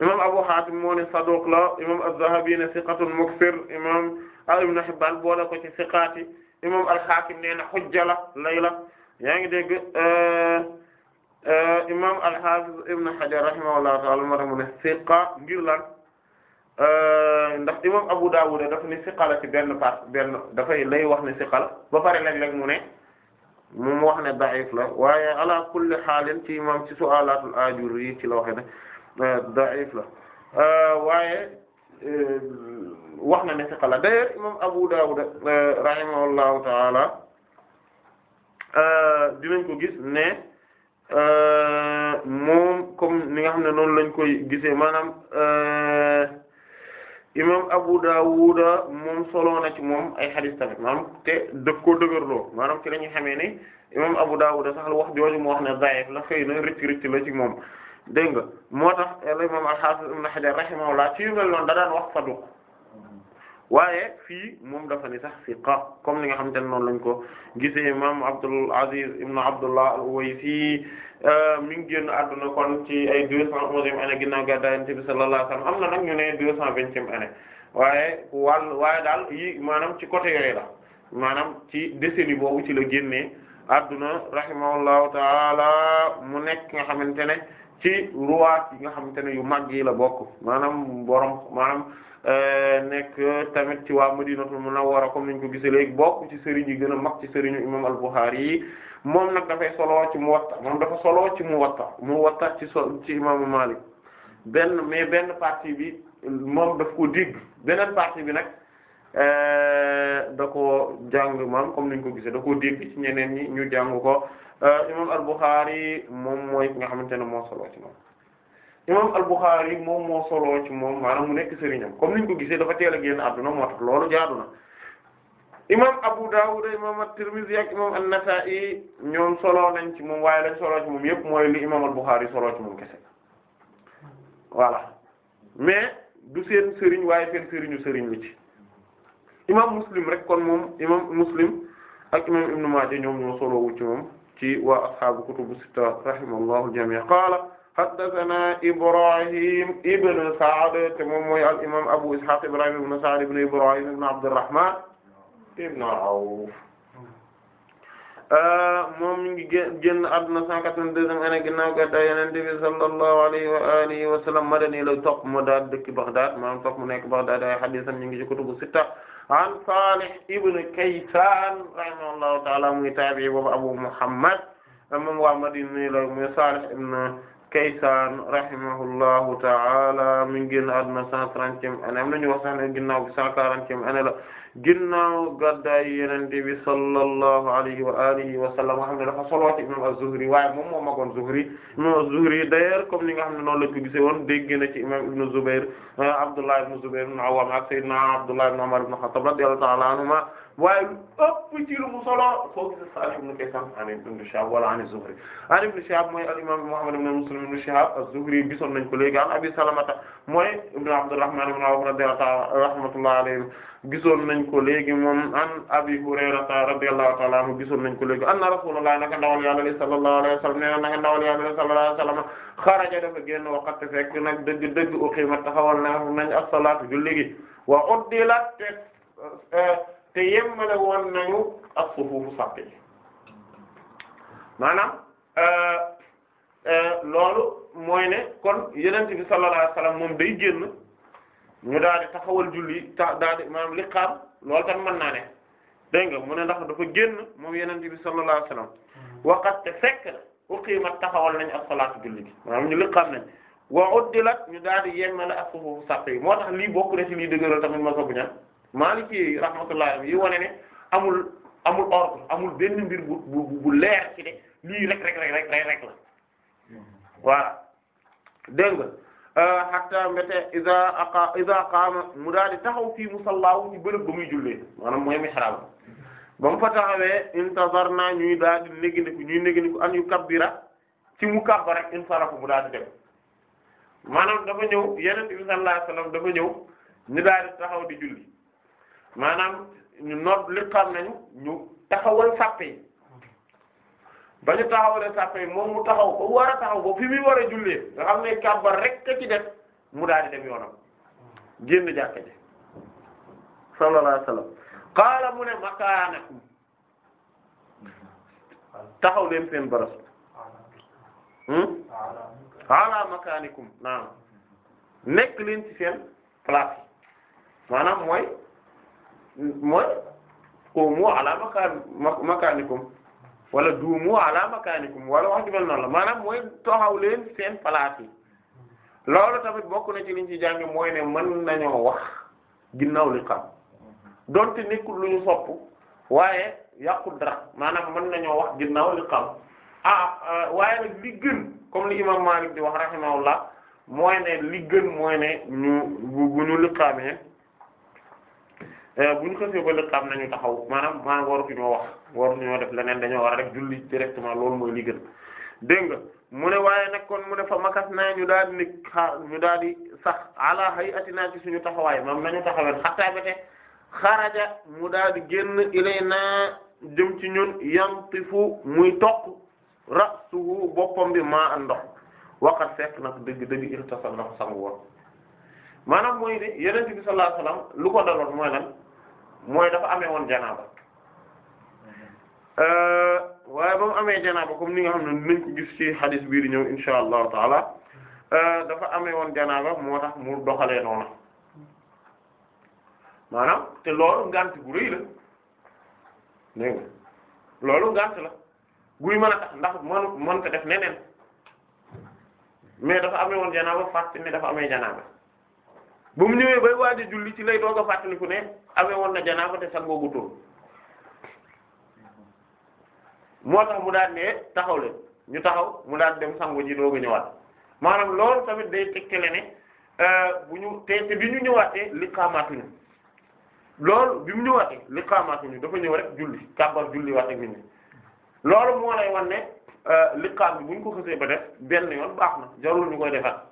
imam Abu Hatim moo saduq la imam Az-Zahabi ne siqatun mukthir imam ak Ibn Hibban boole ko ci siqaat yi imam al-Hakim nee na hujja la lay la yaa ngi dégg eh, eh, imam al-Hafiz Ibn Hajar rahimahullahu ta'ala ma tax mu ne siqa ngir lan eh, ndax imam Abu Dawud dafa ni siqa la ci benn part benn dafay lay wax ne siqa la ba pare léeg-léeg mu ne moom wax ne da'if la waaye ala kulli xaalin ci imam ci su'alatul ajur yi ci la waxe ne da'if la waaye wax na ne siqa la d'ailleurs imam Abu Dawud euh, rahimahullahu di euh, dinañ ko gis ne euh, moom comme ni nga xam ne noonu lañ koy gisee maanaam imam Abu Dawud moom solo na ci moom ay xadis tamit maanaam te dëg koo dëgërloo maanaam ci la ñuy xamee ne imam Abu Dawud sax wax jooju mu wax ne daif la xëy na rëcc la ci moom dégg nga moo tax al imam al-Hafiz Ibn Hajar rahimahullah ci yu mel noonu da daan wax saduq waaye fii moom dafa ni sax siqa comme ni nga xamante ne noonu lañ ko gisee imam Abdul Aziz ibn Abdullah al-Uwaysi euh, mi ngi génn àdduna kon ci ay deux cent onzième année ginnaaw gàddaay Yonent bi sallallahu alayhi wa sallam na nag ñu ne deux waaye wàll waaye daal yi maanaam ci côté yooyu la maanaam ci décennie boobu ci la génne àdduna rahimahullahu taala mu nekk nga xamante ne ci ruwaat yi nga xamante ne yu mag yi la bokk maanaam borom maanaam Euh, nekk tamit ci waa Madinatul Munawwara comme niñ ko gisee léegi bokk ci sëriñ yi gën a mag ci sëriñu imam al-Bukhari yi moom nag dafay solo ci Muwatta moom dafa solo ci Muwatta Muwatta ci so ci imaamu Maalik benn mais benn partie bi moom daf ko dégg beneen partie bi nag euh, da ko jàng maam comme niñ ko gisee da ko dégg ci ñeneen ñi ñu jàng ko euh, imam al yi moom mooy nga xamante ne moo solo ci moom imam al-Bukhari moom moo soloo ci moom maanaam mu nekk sëriñam comme niñ ko gisee dafa teel a génn àdduna moo tax loolu jaadu na imam Abu Dawud imam at-Tirmidhi ak imam an-Nasa'i ñoom soloo nañ ci moom waaye la soloo ci yëpp mooy li imam al-Bukhari soloo ci moom kese mais du seen sëriñ waaye seen sëriñu sëriñ li ci imam Muslim rek kon moom imam Muslim ak imam Ibn Majah ñoom ñoo soloowu ci moom ci waa ashaabu kutubu sitta rahimahullahu al-jami' qala haddathana Ibrahim ibn Sa'd te moom mooy al-imam Abu Ishaq Ibrahim ibn Sa'd ibn Ibrahim ibn Abdurrahman ibn Awf moom mi ngi génn àdduna 182e année ginnaaw gàddaay Yonent bi sallallahu alayhi wa alihi wa sallam madani la topp mu daal dëkk Baghdad maanaam topp mu nekk Baghdad ay hadiisam ñu ngi ci kutubu sitta an Salih ibn Kaysan rahimahullahu ta'ala muy taabi'i boobu Abu Muhammad moom waa Madina la muy Salih ibn Kaysaan rahimahullahu ta'ala mi ngi génn àdduna 130e année am nañu wax sax ne ginnaaw bi 140e année la ginnaaw gàddaay Yonent bi sallallahu alayhi wa alihi wa sallam nga xam ne dafa solo ci imam az-Zuhri waaye moom moo magoon Zuhri imam az-Zuhri d'ailleurs comme ni nga xam ne noonu la ko gisee woon dégg na ci imam Ibn Zubair Abdullah ibn Zubair ibn Awwam ak Sayyidina Abdullah ibn Umar ibn Khattab radiyallahu ta'ala anhuma waaye lu ëpp ci lu mu solo koo gis Saalih ibn Kaysan an Ibn Shihab wala an Zuhri an Ibn Shihab mooy al imam Muhammad ibn Muslim ibn Shihab az-Zuhri gisoon nañ ko léegi an Abi Salamata mooy ibn Abdurrahman ibn Awf rahmatullahi alayhi gisoon nañ ko léegi moom an Abi Hurayra radiyallahu ta'ala anhu gisoon nañ ko léegi anna Rasulullah naka ndawal Yàlla li sallallahu alayhi wa sallam nee na naka ndawal Yàlla li sallallahu alayhi wa sallam xaraja dafa génn waqt fekk nag dëgg dëgg uqimat taxawal na nañ as-salaatu julli gi wa uddilat te yemmale woon nañu ak sufuufu sàppe yi maanaam euh, euh, loolu mooy ne kon yonent bi sallallahu alayhi wasallam moom day génn ñu daal di taxawal julli ta daal di maanaam liqaam loolu tam man naa ne dégg nga mu ne ndax dafa génn moom yonent bi sallallahu alayhi wasallam waqat te fekk na uqiimat taxawal nañ as-salaatu julli gi maanaam ñu liqaam nañ wa uddilat ñu daal di yemmale ak sufuufu sàppe yi moo tax lii bokk na ci lii dëgëral tamit ma ko bu ñaan Maliki yi rahmatullahi yi wane ne amul amul ordre amul benn mbir bu bu bu leer ci ne lii rek rek rek rek rek la voilà dégg nga euh, hatta mbete iza aqa iza qaama mu daal di taxaw fii musallaawu ñu bërëb ba muy jullee maanaam mooy mihrab ba mu fa taxawee intazarna ñuy daal di négandiku ñuy négandiku an yu kabbira ci mu kabba rek insarafu mu daal di dem maanaam dafa ñëw yeneen bi sallallahu alayhi wasallam dafa ñëw ñu daal taxaw di julli maanaam ñu noot liqaam nañu ñu taxawal sàpp yi ba ñu taxawalee sàpp yi moom mu taxaw ba war a taxaw ba fi muy war a jullee nga xam ne kàbbar rek ka ci def mu daal di dem yoonam génn jàkka ji sallallahu wasallam qaala mu ne makaanakum taxaw leen seen barab hmm? ala makaanikum naam nekk leen ci seen place maanaam mooy mooy qumu ala makaan makaanikum wala duumu ala makaanikum wala wax ju mel noonu la maanaam mooy taxaw leen seen place yi loolu tamit bokk na ci liñ ci jàng mooy ne mën nañoo wax ginnaaw li xam donte nekkul lu ñu sopp waaye yàqul dara maanaam mën nañoo wax ginnaaw li ah euh, waaye nag li gën comme li imam di wax rahimahullah mooy ne li mooy ne ñu bu ñu li Euh, bu ñu xasee ba liqaam nañu taxaw maanaam maanaam waruñu ñoo wax waruñu ñoo def leneen dañoo war a rek julli directement loolu mooy li gën dégg nga mu ne waaye nag kon mu ne fa makas naa ñu daal di ni ñu daal di sax ala hayatina ci suñu taxawaay maam nañu taxaween xattaa ba te xaraja mu daal di génn ci ñun yantifu muy toq rasuhu boppam bi maa ndox waqat fekk nag dëgg dëgg irtasal na ko sangu woon maanaam mooy de yeneen bi sallallahu lu ko daloon mooy lan mooy dafa amee woon janaaba mhm. euh, waaye ba mu amee janaaba comme ni nga xam ne nañ ko gis ci hadith bii di ñëw insha allahu taala mhm. euh, dafa amee woon janaaba moo tax mu doxalee noona maanaam te loolu ngànt gu rëy la loolu ngànt la guy mën a tax ndax mënu mën ko def neneen mais dafa amee woon janaaba fàtte ne dafa amee janaaba ba mu ñëwee bay waaj a julli ci lay doog a fàttaliku ne amee woon na janaaba te sangoo gu tóor moo tax mu daan ne taxaw leen ñu taxaw mu daan dem sango ji doog ñëwaat maanaam loolu tamit day tegtale ne euh, bu ñu te te bi ñu ñëwaatee kaamaatuñu loolu bi mu ñëwaatee liqaamaatuñu dafa ñëw rek julli kàbbar julli waat ak nit ñi loolu ne euh, liqaam bi ñu ko ba def benn yoon baax na jarul ñu koy defaat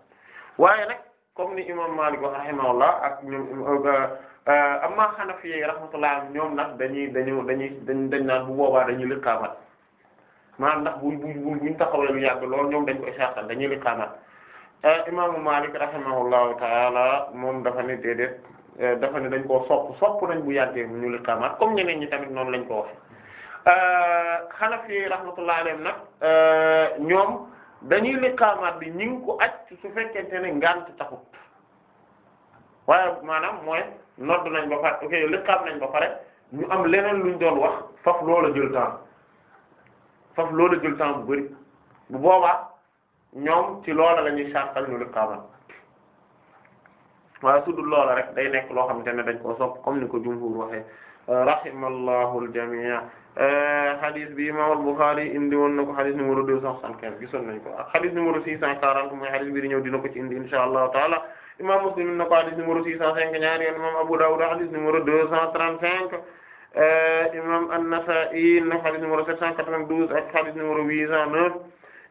waaye nag. comme ni imam Malik wax rahimahullah ak ñoom euh, amma Hanafi rahmatullah ñoom nag dañuy dañu dañuy dañ dañ naan bu boobaa dañu liqaamat maanaam ndax buñ buñ buñ taxawee lu ñoom dañ koy saaxal dañuy liqaamat euh, imaamu Malik rahimahullahu taala moom dafa ne déedéet euh, dafa ne dañ koo sopp sopp nañ bu yàggee ñu liqaamat comme ñeneen ñi tamit noonu lañ ko wax Hanafi rahmatullah alayhim nag ñoom dañuy liqaamaat bi ñi ngi ko acc su fekkente ne ngant taxut waaye maanaam mooy nodd nañ ba pare ok liqaam nañ ba pare ñu am leneen luñ doon wax faf loola jël temps faf loola jël temps bu bari bu boobaa ñoom ci loola la ñuy sàrtal ñu liqaamat waaye su dul loola rek day nekk loo xam ne dañ koo comme ni ko jumhur waxee rahimallahu al xadis euh, bi imam al-Bukhari indi woon na ko xadis numéro deux cent soixante-quinze gisoon nañ ko ak xadis numéro six cent quarante mooy xadis bi di ñëw dina ko ci indi insha allahu taala imam Muslim indi na ko xadis numéro six cent cinq ñaari yoon imam Abu Dawud xadis numéro deux cent trente-cinq xadis euh, numéro sept cent neuf imam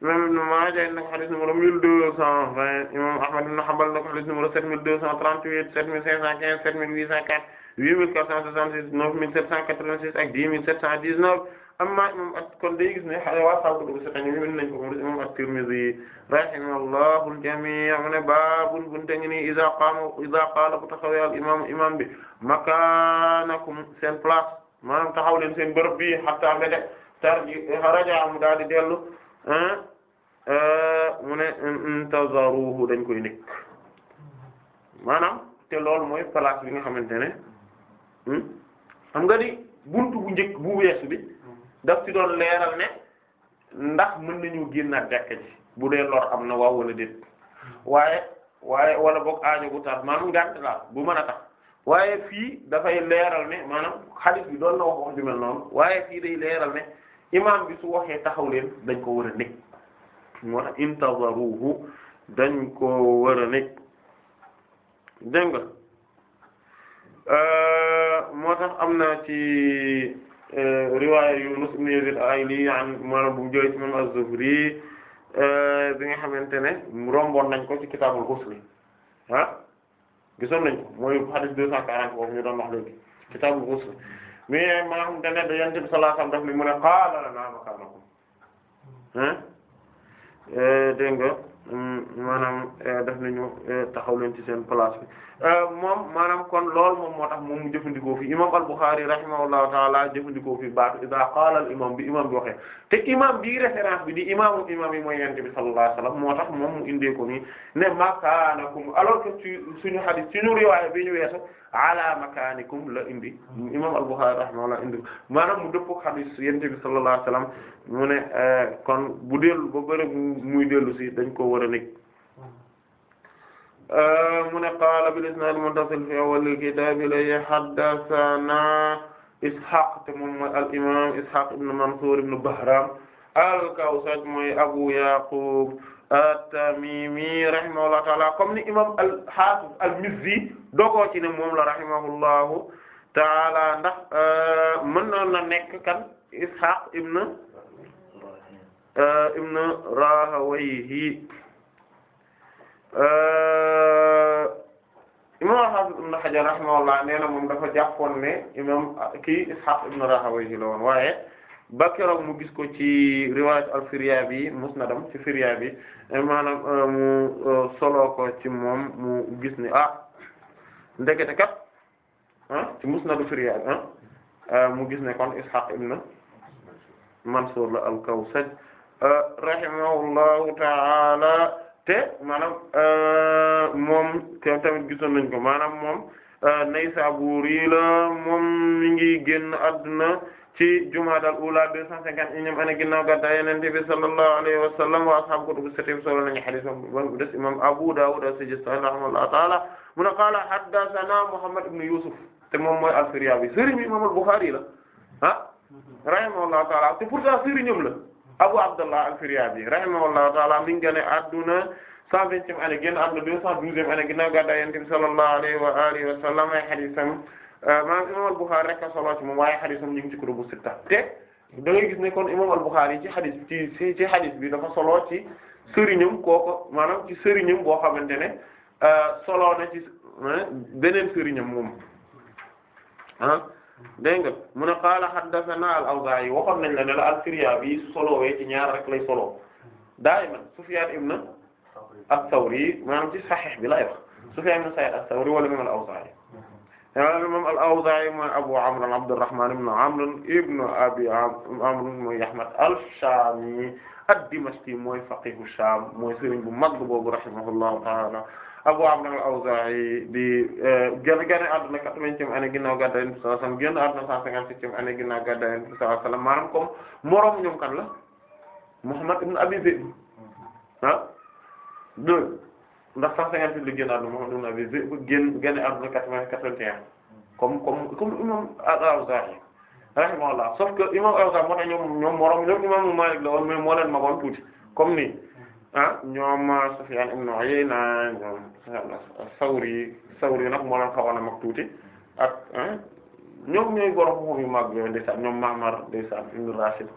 Ibn Maaja na ko xadis numéro mille deux cent imam Ahmad ibn Hanbal na ko xadis numéro sept mille deux cent trente-huit sept mille cinq cent quinze 8466 9786 ak 10719 amma imam at kon day gis ne waa sahabu kutubu sitta ñu mën nañ ko moom imam at-Tirmidhi rahimahullahu al-jami' mu ne baabun bunte ngi nii iza qaama iza qaala bu taxawee al imam imam bi makaanakum seen place maanaam taxaw leen seen bërëb bi hatta mbéte tarji raja mu daal di dellu euh, mu ne intazaruhu dañ koy nekk maanaam te loolu mooy place bi nga xamante ne Hmm? xam nga ni buntu bu njëkk bu weesu bi daf ci doon leeral ne ndax mën nañu génnaat jàkka ji bu dee lor am na waaw wala déet waaye waaye wala boog aajo bu tax maanaam ngànt bu mën a tax waaye fii dafay leeral ne maanaam xaalis bi doon na waaye fii leeral ne imaam bi su waxee taxaw leen dañ ko war a nekk moo tax dañ ko war a nekk dégg Euh, moo tax am na ci euh, riwaaya Yunus ibn Yazid al-Ayli an maanaam bu mu jëlee ci moom az-Zuhri euh, bi nga xamante ne romboon nañ ko ci kitaabul ghusl ah gisoon nañ mooy hadith deux cent quarante boobu ñu doon wax léegi kitaabul ghusl mais maanaam dane da yonent bi sallallahu alayhi wasallam daf ni mu ne qaala lanaa makaanakum ah dégg nga maanaam daf nañu taxaw leen ci seen place bi Euh, moom maanaam kon loolu moom moo tax moom mu jëfandikoo fi imam al-Bukhari rahimahullahu taala jëfandikoo fi baatu idaa qaala al imam bi imam bi waxee te imam bii référence bi di imaamu imam yi mooy yonent bi sallallahu alayhi wasallam moo moom mu indee ko nii ne suñu hadith suñu riwaaya bi ñu weesu ala makaanikum la indi imam al-Bukhari rahimahullah indi maanaam mu dëppoo hadith yonent bi sallallahu alayhi wasallam mu ne euh, kon bu dellu ba bëri muy dellu si dañ ko war a nekk mu ne qaala bil isnaad muttasil fi awwal kitaab ilay haddasanaa Ishaq te moom mooy al imaam Ishaq ibn Mansuur ibn Bahraam al-Kawsaj mooy Abu Yaqub at-Tamimi rahimahullahu ta'ala comme ni imaam al-Haafiz al-Mizzi dogoo ci ne moom la rahimahullahu ta'ala ndax euh, mën na nekk kan Ishaq ibn euh, ibn Rahawayhi imam Hafiz ibn Hajar rahimahullah nee na moom dafa jàppoon ne imam kii Ishaq ibn Rahawayh la waaye ba keroog mu gis ko ci riwaayat al-Firyaabi musnadam ci Firyaabi e maanaam e, mu e, solo ko ci moom mu gis ni ah ndekete kat ah, ci musnadu Firyaabi ah, mu gis ne kon Ishaq ibn Mansuur la al-Kawsaj rahimahullahu ta'ala te maanaam euh, moom te tamit gisoon nañ ko maanaam moom euh, Naysaburi la moom mi ngi génn adduna ci jumaadal ula deux cent cinquante uniam ané ginnaaw gàddaay Yonent bi sallallahu alayhi wa sallam wa ashaabu kutubu sitta solo nañu hadiis bu des imam Abu Dawud as-Sijistaani rahimahullahu ta'ala mu ne qaala haddathanaa Muhammad ibn Yusuf te moom mooy al-Firyaabi sëriñ imam al-Bukhari la ah rahimahullahu ta'ala te pourtant sëriñam la Abu Abdullah al-Firyaabi rahimahullahu ta'ala mi ngi génn adduna cent vingtième année génn adduna deux cent douzième année ginnaaw gàddaay Yonent bi sallallahu alayhi wa alihi wa sallam ay hadiisam euh, maanaam imam al a solo ci moom waaye hadiisam ñu ngi ci kutubu sitta te da ngay gis ne kon imam al-Bukhari ci hadiis ci ci hadiis bi dafa solo ci sëriñam kooko maanaam ci sëriñam boo xamante ne euh, solo na ci beneen sëriñam moom ah dégg nga mu ne qaala haddathana al-Awzaa'i waxoon nañ la ne la al-Firyaabi solowee ci ñaar rek lay solo daayiman Sufyaan ibn as-Sawri maanaam ci Sahih bi lay wax Sufyaan ibn Sa'iid as-Sawri wala moom al-Awzaa'i wala moom al-Awzaa'i mooy Abu Amr Abdurrahmaan ibn Amr ibn Abi Amr mooy Ahmad al-Shaami ad-Dimashqi mooy faqiihu Shaam mooy sëriñ bu mag boobu rahimahullahu ta'aala Abu na al-Awzaa'i di eh, génn génn àdduna 80e année ginnaaw gàddaay Yonent bi sallallahu alayhi wasallam génn àdduna 157e année ginnaaw gàddaay Yonent bi sallallahu alayhi wasallam maanaam moroom ñoom kan la Muhammad ibn Abi Dhi'b ah dégg ndax 158 la génn àdduna Muhammad ibn Abi Dhi'b génn génn àdduna 80 81 comme comme comme imam al-Awzaa'i rahimahullah sauf que imam al-Awzaa'i moo tax ñoom ñoom moroom ñoom imam Maalik la woon mais moo leen magoon tuuti comme ah ñoom Sufyan ibn Uyayna ñoom Sawri Sawri nag moo leen xawoon a mag tuuti ak ah, ñoom ñooy borom moom yu mag ñoom ndeysaan ñoom Ma'mar ndeysaan ibn Rashid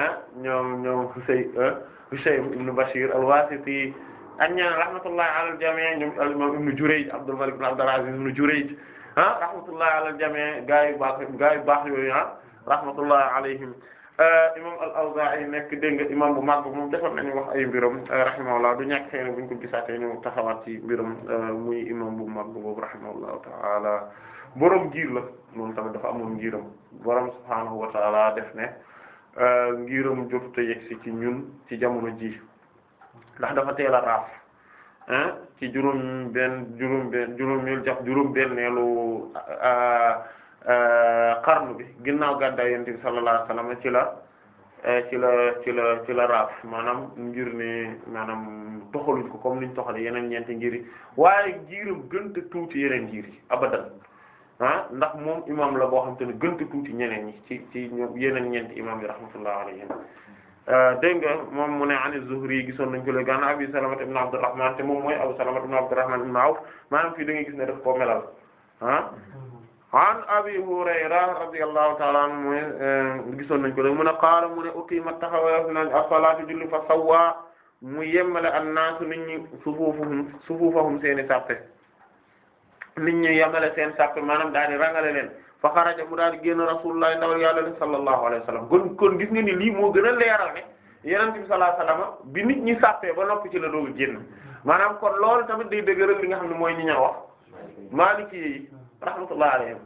ah ñoom ñoom Husay ah, Husaym ibn Bashir al-Wasiti ak ñaan rahmatullahi ala al-jami' ñoom al-imam ibn Jurayj Abdul Malik ibn Abdul Aziz ibn Jurayj ah rahmatullahi ala al-jami' gaa yu baax gaa yu baax yooyu ah rahmatullahi alayhim imam al-Awzaa'i nekk dégg nga imam bu mag moom defoon wax ay mbiram rahimahullah du ñàkk xëy na buñ ko gisaatee ñu taxawaat ci mbiram muy imam bu mag boobu rahimahullahu ta'ala borom giir la moom tamit dafa amoon ngiram borom subhaanahu wa def ne ngiram jotut a ci ñun ci jamono ji ndax dafa teel a raaf ah ci juróom benn juróom benn juróom ñël jax Euh, xarnu bi ginnaaw gàddaay yonent bi sallallahu alayhi wasallam ci la euh, ci la ci la ci la raaf maanaam ngir ne maanaam toxaluñ ko comme niñ toxale yeneen ñeenti ngir yi waaye jiiram gënta tuuti yeneen ngir yi abadan ah ndax moom imam la boo xam te ne gënta tuuti ñeneen ñi ci ci ñoom yeneen ñeenti imam yi rahmatullah alayhim euh, dégg nga moom mu ne ani Zuhri gisoon nañ ko le gànna Abi Salamata ibn Abdurrahman te moom mooy Abu Salamata ibn Abdurrahman ibn Awf fii da gis ne daf koo melal ah an abi hurayra radiyallahu ta'ala anhu mooy eh, gisoon nañ ko léegi mu ne qaala mu ne uqimat taxawal nañ as-salaatu julli fa sawwa mu yemmale an-naasu nit ñi sufuufahum sufuufahum seeni sàppe nit ñi yemale seen sàppe maanaam daal di rangale leen fa xaraja mu daal di génn rasulullah ndawal yàlla li sallallahu alayhi wa sallam kon kon gis nga lii moo gën a leeral ne yonent bi sallallahu bi nit ñi sàppe ba noppi ci la doogu génn maanaam kon loolu tamit day dëgëral li nga xam ne mooy ñi ña wax maaliki yi rahmatullah alayhim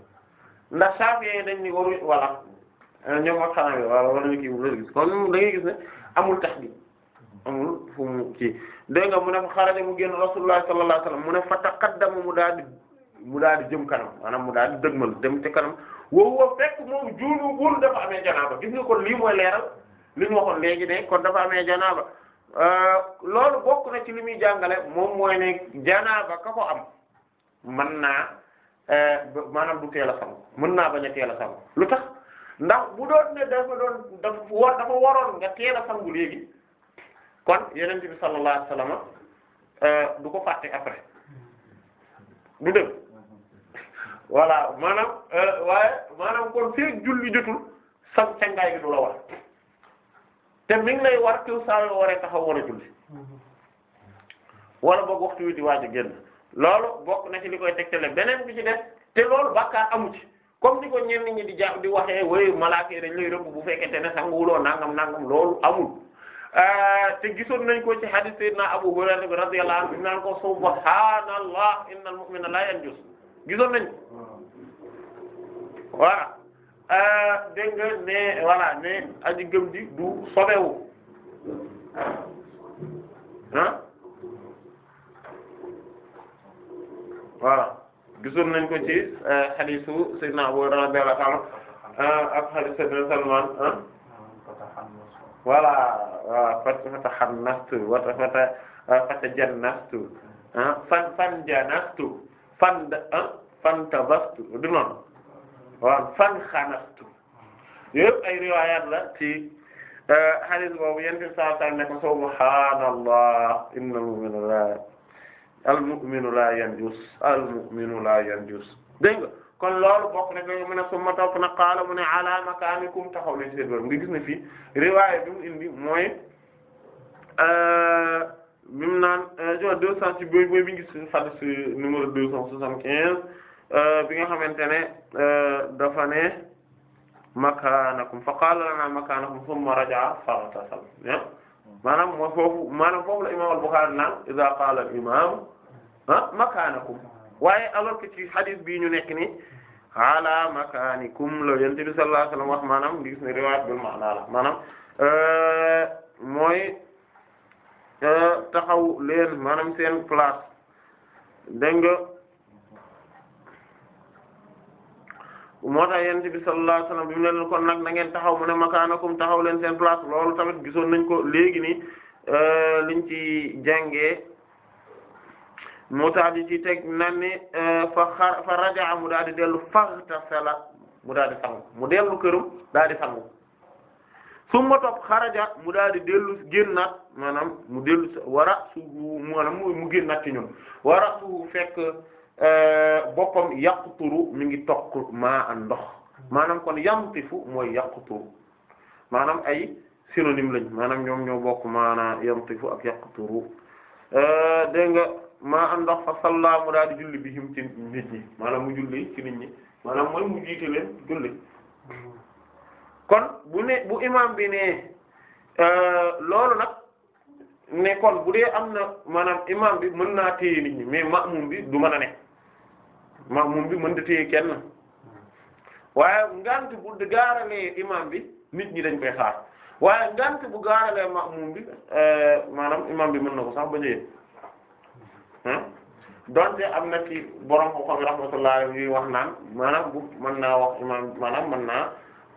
ndax Shafi'i dañ ni waru wala euh, ñoom ak xanaa bi wala wala ñu kii loolu gis kon da ngay gis ne amul tahdid amul fu mu kii dégg nga mu ne xaraja mu génn Rasulullah sallallahu alayhi wasallam mu ne fa taqaddama mu daal di mu daal jëm kanam maanaam mu daal di dëgmal dem ci kanam wow wow fekk moom juunu bul dafa amee janaaba gis nga kon lii leeral li ñu waxoon léegi ne kon dafa amee janaaba euh, loolu bokk na ci li muy jàngale moom mooy ne janaaba ka ko am mën naa Eh, maanaam du teel a sangu mën naa bañ a teel a sangu lu tax ndax bu doon ne dafa doon dafa war dafa waroon nga teel a sangu léegi kon yeneen bi sallallahu eh, ko fàtte après du dëgg maanaam eh, waaye maanaam kon sa cangaay gi du la war te mi ngi lay war kiw saa yoo waree taxaw war a julli mm-hmm. wala boog waxtu wi di waaj génn loolu bokk na ci li koy tegtale beneen bi ci def te loolu bàkkaar amu ci comme ni ko ñenn ñi di jàpp di waxe waxee way malaaka dañ lay rëbb bu fekkente ne sax wuloo nangam nangam loolu amul euh, te gisoon nañ ko ci hadith sayyidina Abu Hurayra bi radiyallahu anhu naan ko subhaanallah innal mu'mina la yanjus gisoon nañ ko voilà euh, dégg nga ne voilà ne aji gëm di du sobewu ah voilà gisoon nañ ko ci hadiisu euh, Seydina Abu Hurayra radiyallahu anhu euh, ak hadiisu Seydina Salman ah voilà waaw fatahannastu wa fatajannastu euh, ah fan fanjanastu fan ah fantabastu du noonu waaw fan xanastu yëpp ay riwaayaat la ci hadiis boobu yéen fi saa saa ne ko subhaanallah innal mu'mina al mu'minu laa yanjus al mu'minu laa yanjus dégg nga kon loolu bokk na nga a summa topp na qaala mu ne makaanikum taxaw nañ seen bërëb gis ne fii riwaaya bi indi mooy euh, bi naan euh, jo deux cent ci booy booy bi gis xadis numéro deux cent soixante euh, nga xamante ne dafa ne makaanakum fa qaala lanaa makaanakum summa raja'a fa-ghtasala maanaam moo foofu maanaam foofu la imam al-Bukhari naan iza qaala al-imaamu makaanakum waaye alors que ci hadith bii ñu nekk ni ala makaanikum la yonent bi sallallahu alayhi wasallam wax maanaam di gis ne riwaayat bil ma'na la maanaam euh, mooy euh, taxaw leen maanaam seen place dégg nga moo tax yonent bi sallallahu alayhi wasallam bi mu leen kon nag na ngeen taxaw mu ne makaanakum taxaw leen seen place loolu tamit gisoon nañ ko léegi ni euh, liñ ci jàngee mu daal ci teg nan ni euh, fa raja'a mu daal di dellu faghtasala mu daal di sangu mu dellu këram daal di sangu summa topp xaraja mu daal di dellu génnaat maanaam mu dellu wara su maanaam mu génnaat ci ñun wara su fekk. Euh, boppam yaqturu mi ngi toq maa an ndox hmm. maanaam kon yamtifu mooy yaqturu maanaam ay synonyme lañ maanaam ñoom ñoo bokk maanaa yamtifu ak yaqturu euh, dégg nga maa an ndox fa sallaamu daal di julli bihim nit ñi maanaam mu julli ci nit ñi maanaam mooy mu jiite leen julli kon bu ne bu imam bi ne euh, loolu nag ne kon bu dee am na maanaam imam bi mën naa téye nit ñi mais ma'mum bi du mën a ma maamum bi mën da téye kenn waaye ngant bu gaaralee imam bi nit ñi dañ koy xaar waaye ngant bu gaaralee maamum bi euh, maanaam imam bi mën na ko sax ba jëyee ah hmm? donte am na ci borom ko xam rahmatullah yuy wax naan maanaam bu mën naa wax imam maanaam mën naa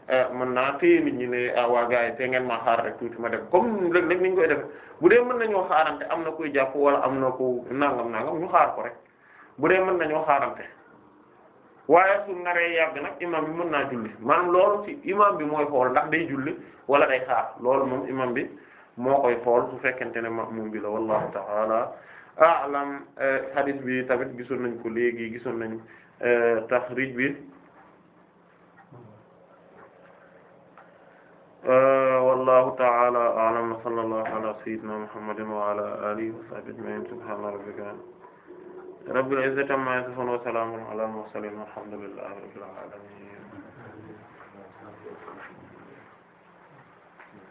euh, mën naa téye nit ñi ne ah, waa gars yi te ngeen maa xaar rek tuuti ma def comme léeg léeg ni ñu koy def bu dee mën nañoo xaarante am na kuy jàpp wala am na ku nangam nangam ñu xaar ko rek bu dee mën nañoo xaarante waaye su naree imam bi mën naa julli maanaam loolu ci imam bi mooy xool ndax day julli wala day xaar loolu moom imam bi moo koy xool su fekkente ne ma'mum bi la wallahu ta'ala a'lam eh, hadith bi tamit gisoon nañ ko léegi gisoon nañ eh, taxrij bi eh, wallahu ta'ala a'lam wa sallallahu ala sayyidina muhammadin wa ala alihi rabbil izzati amma yasifun wa salamun ala mursalin walhamdulillahi rabbil alamin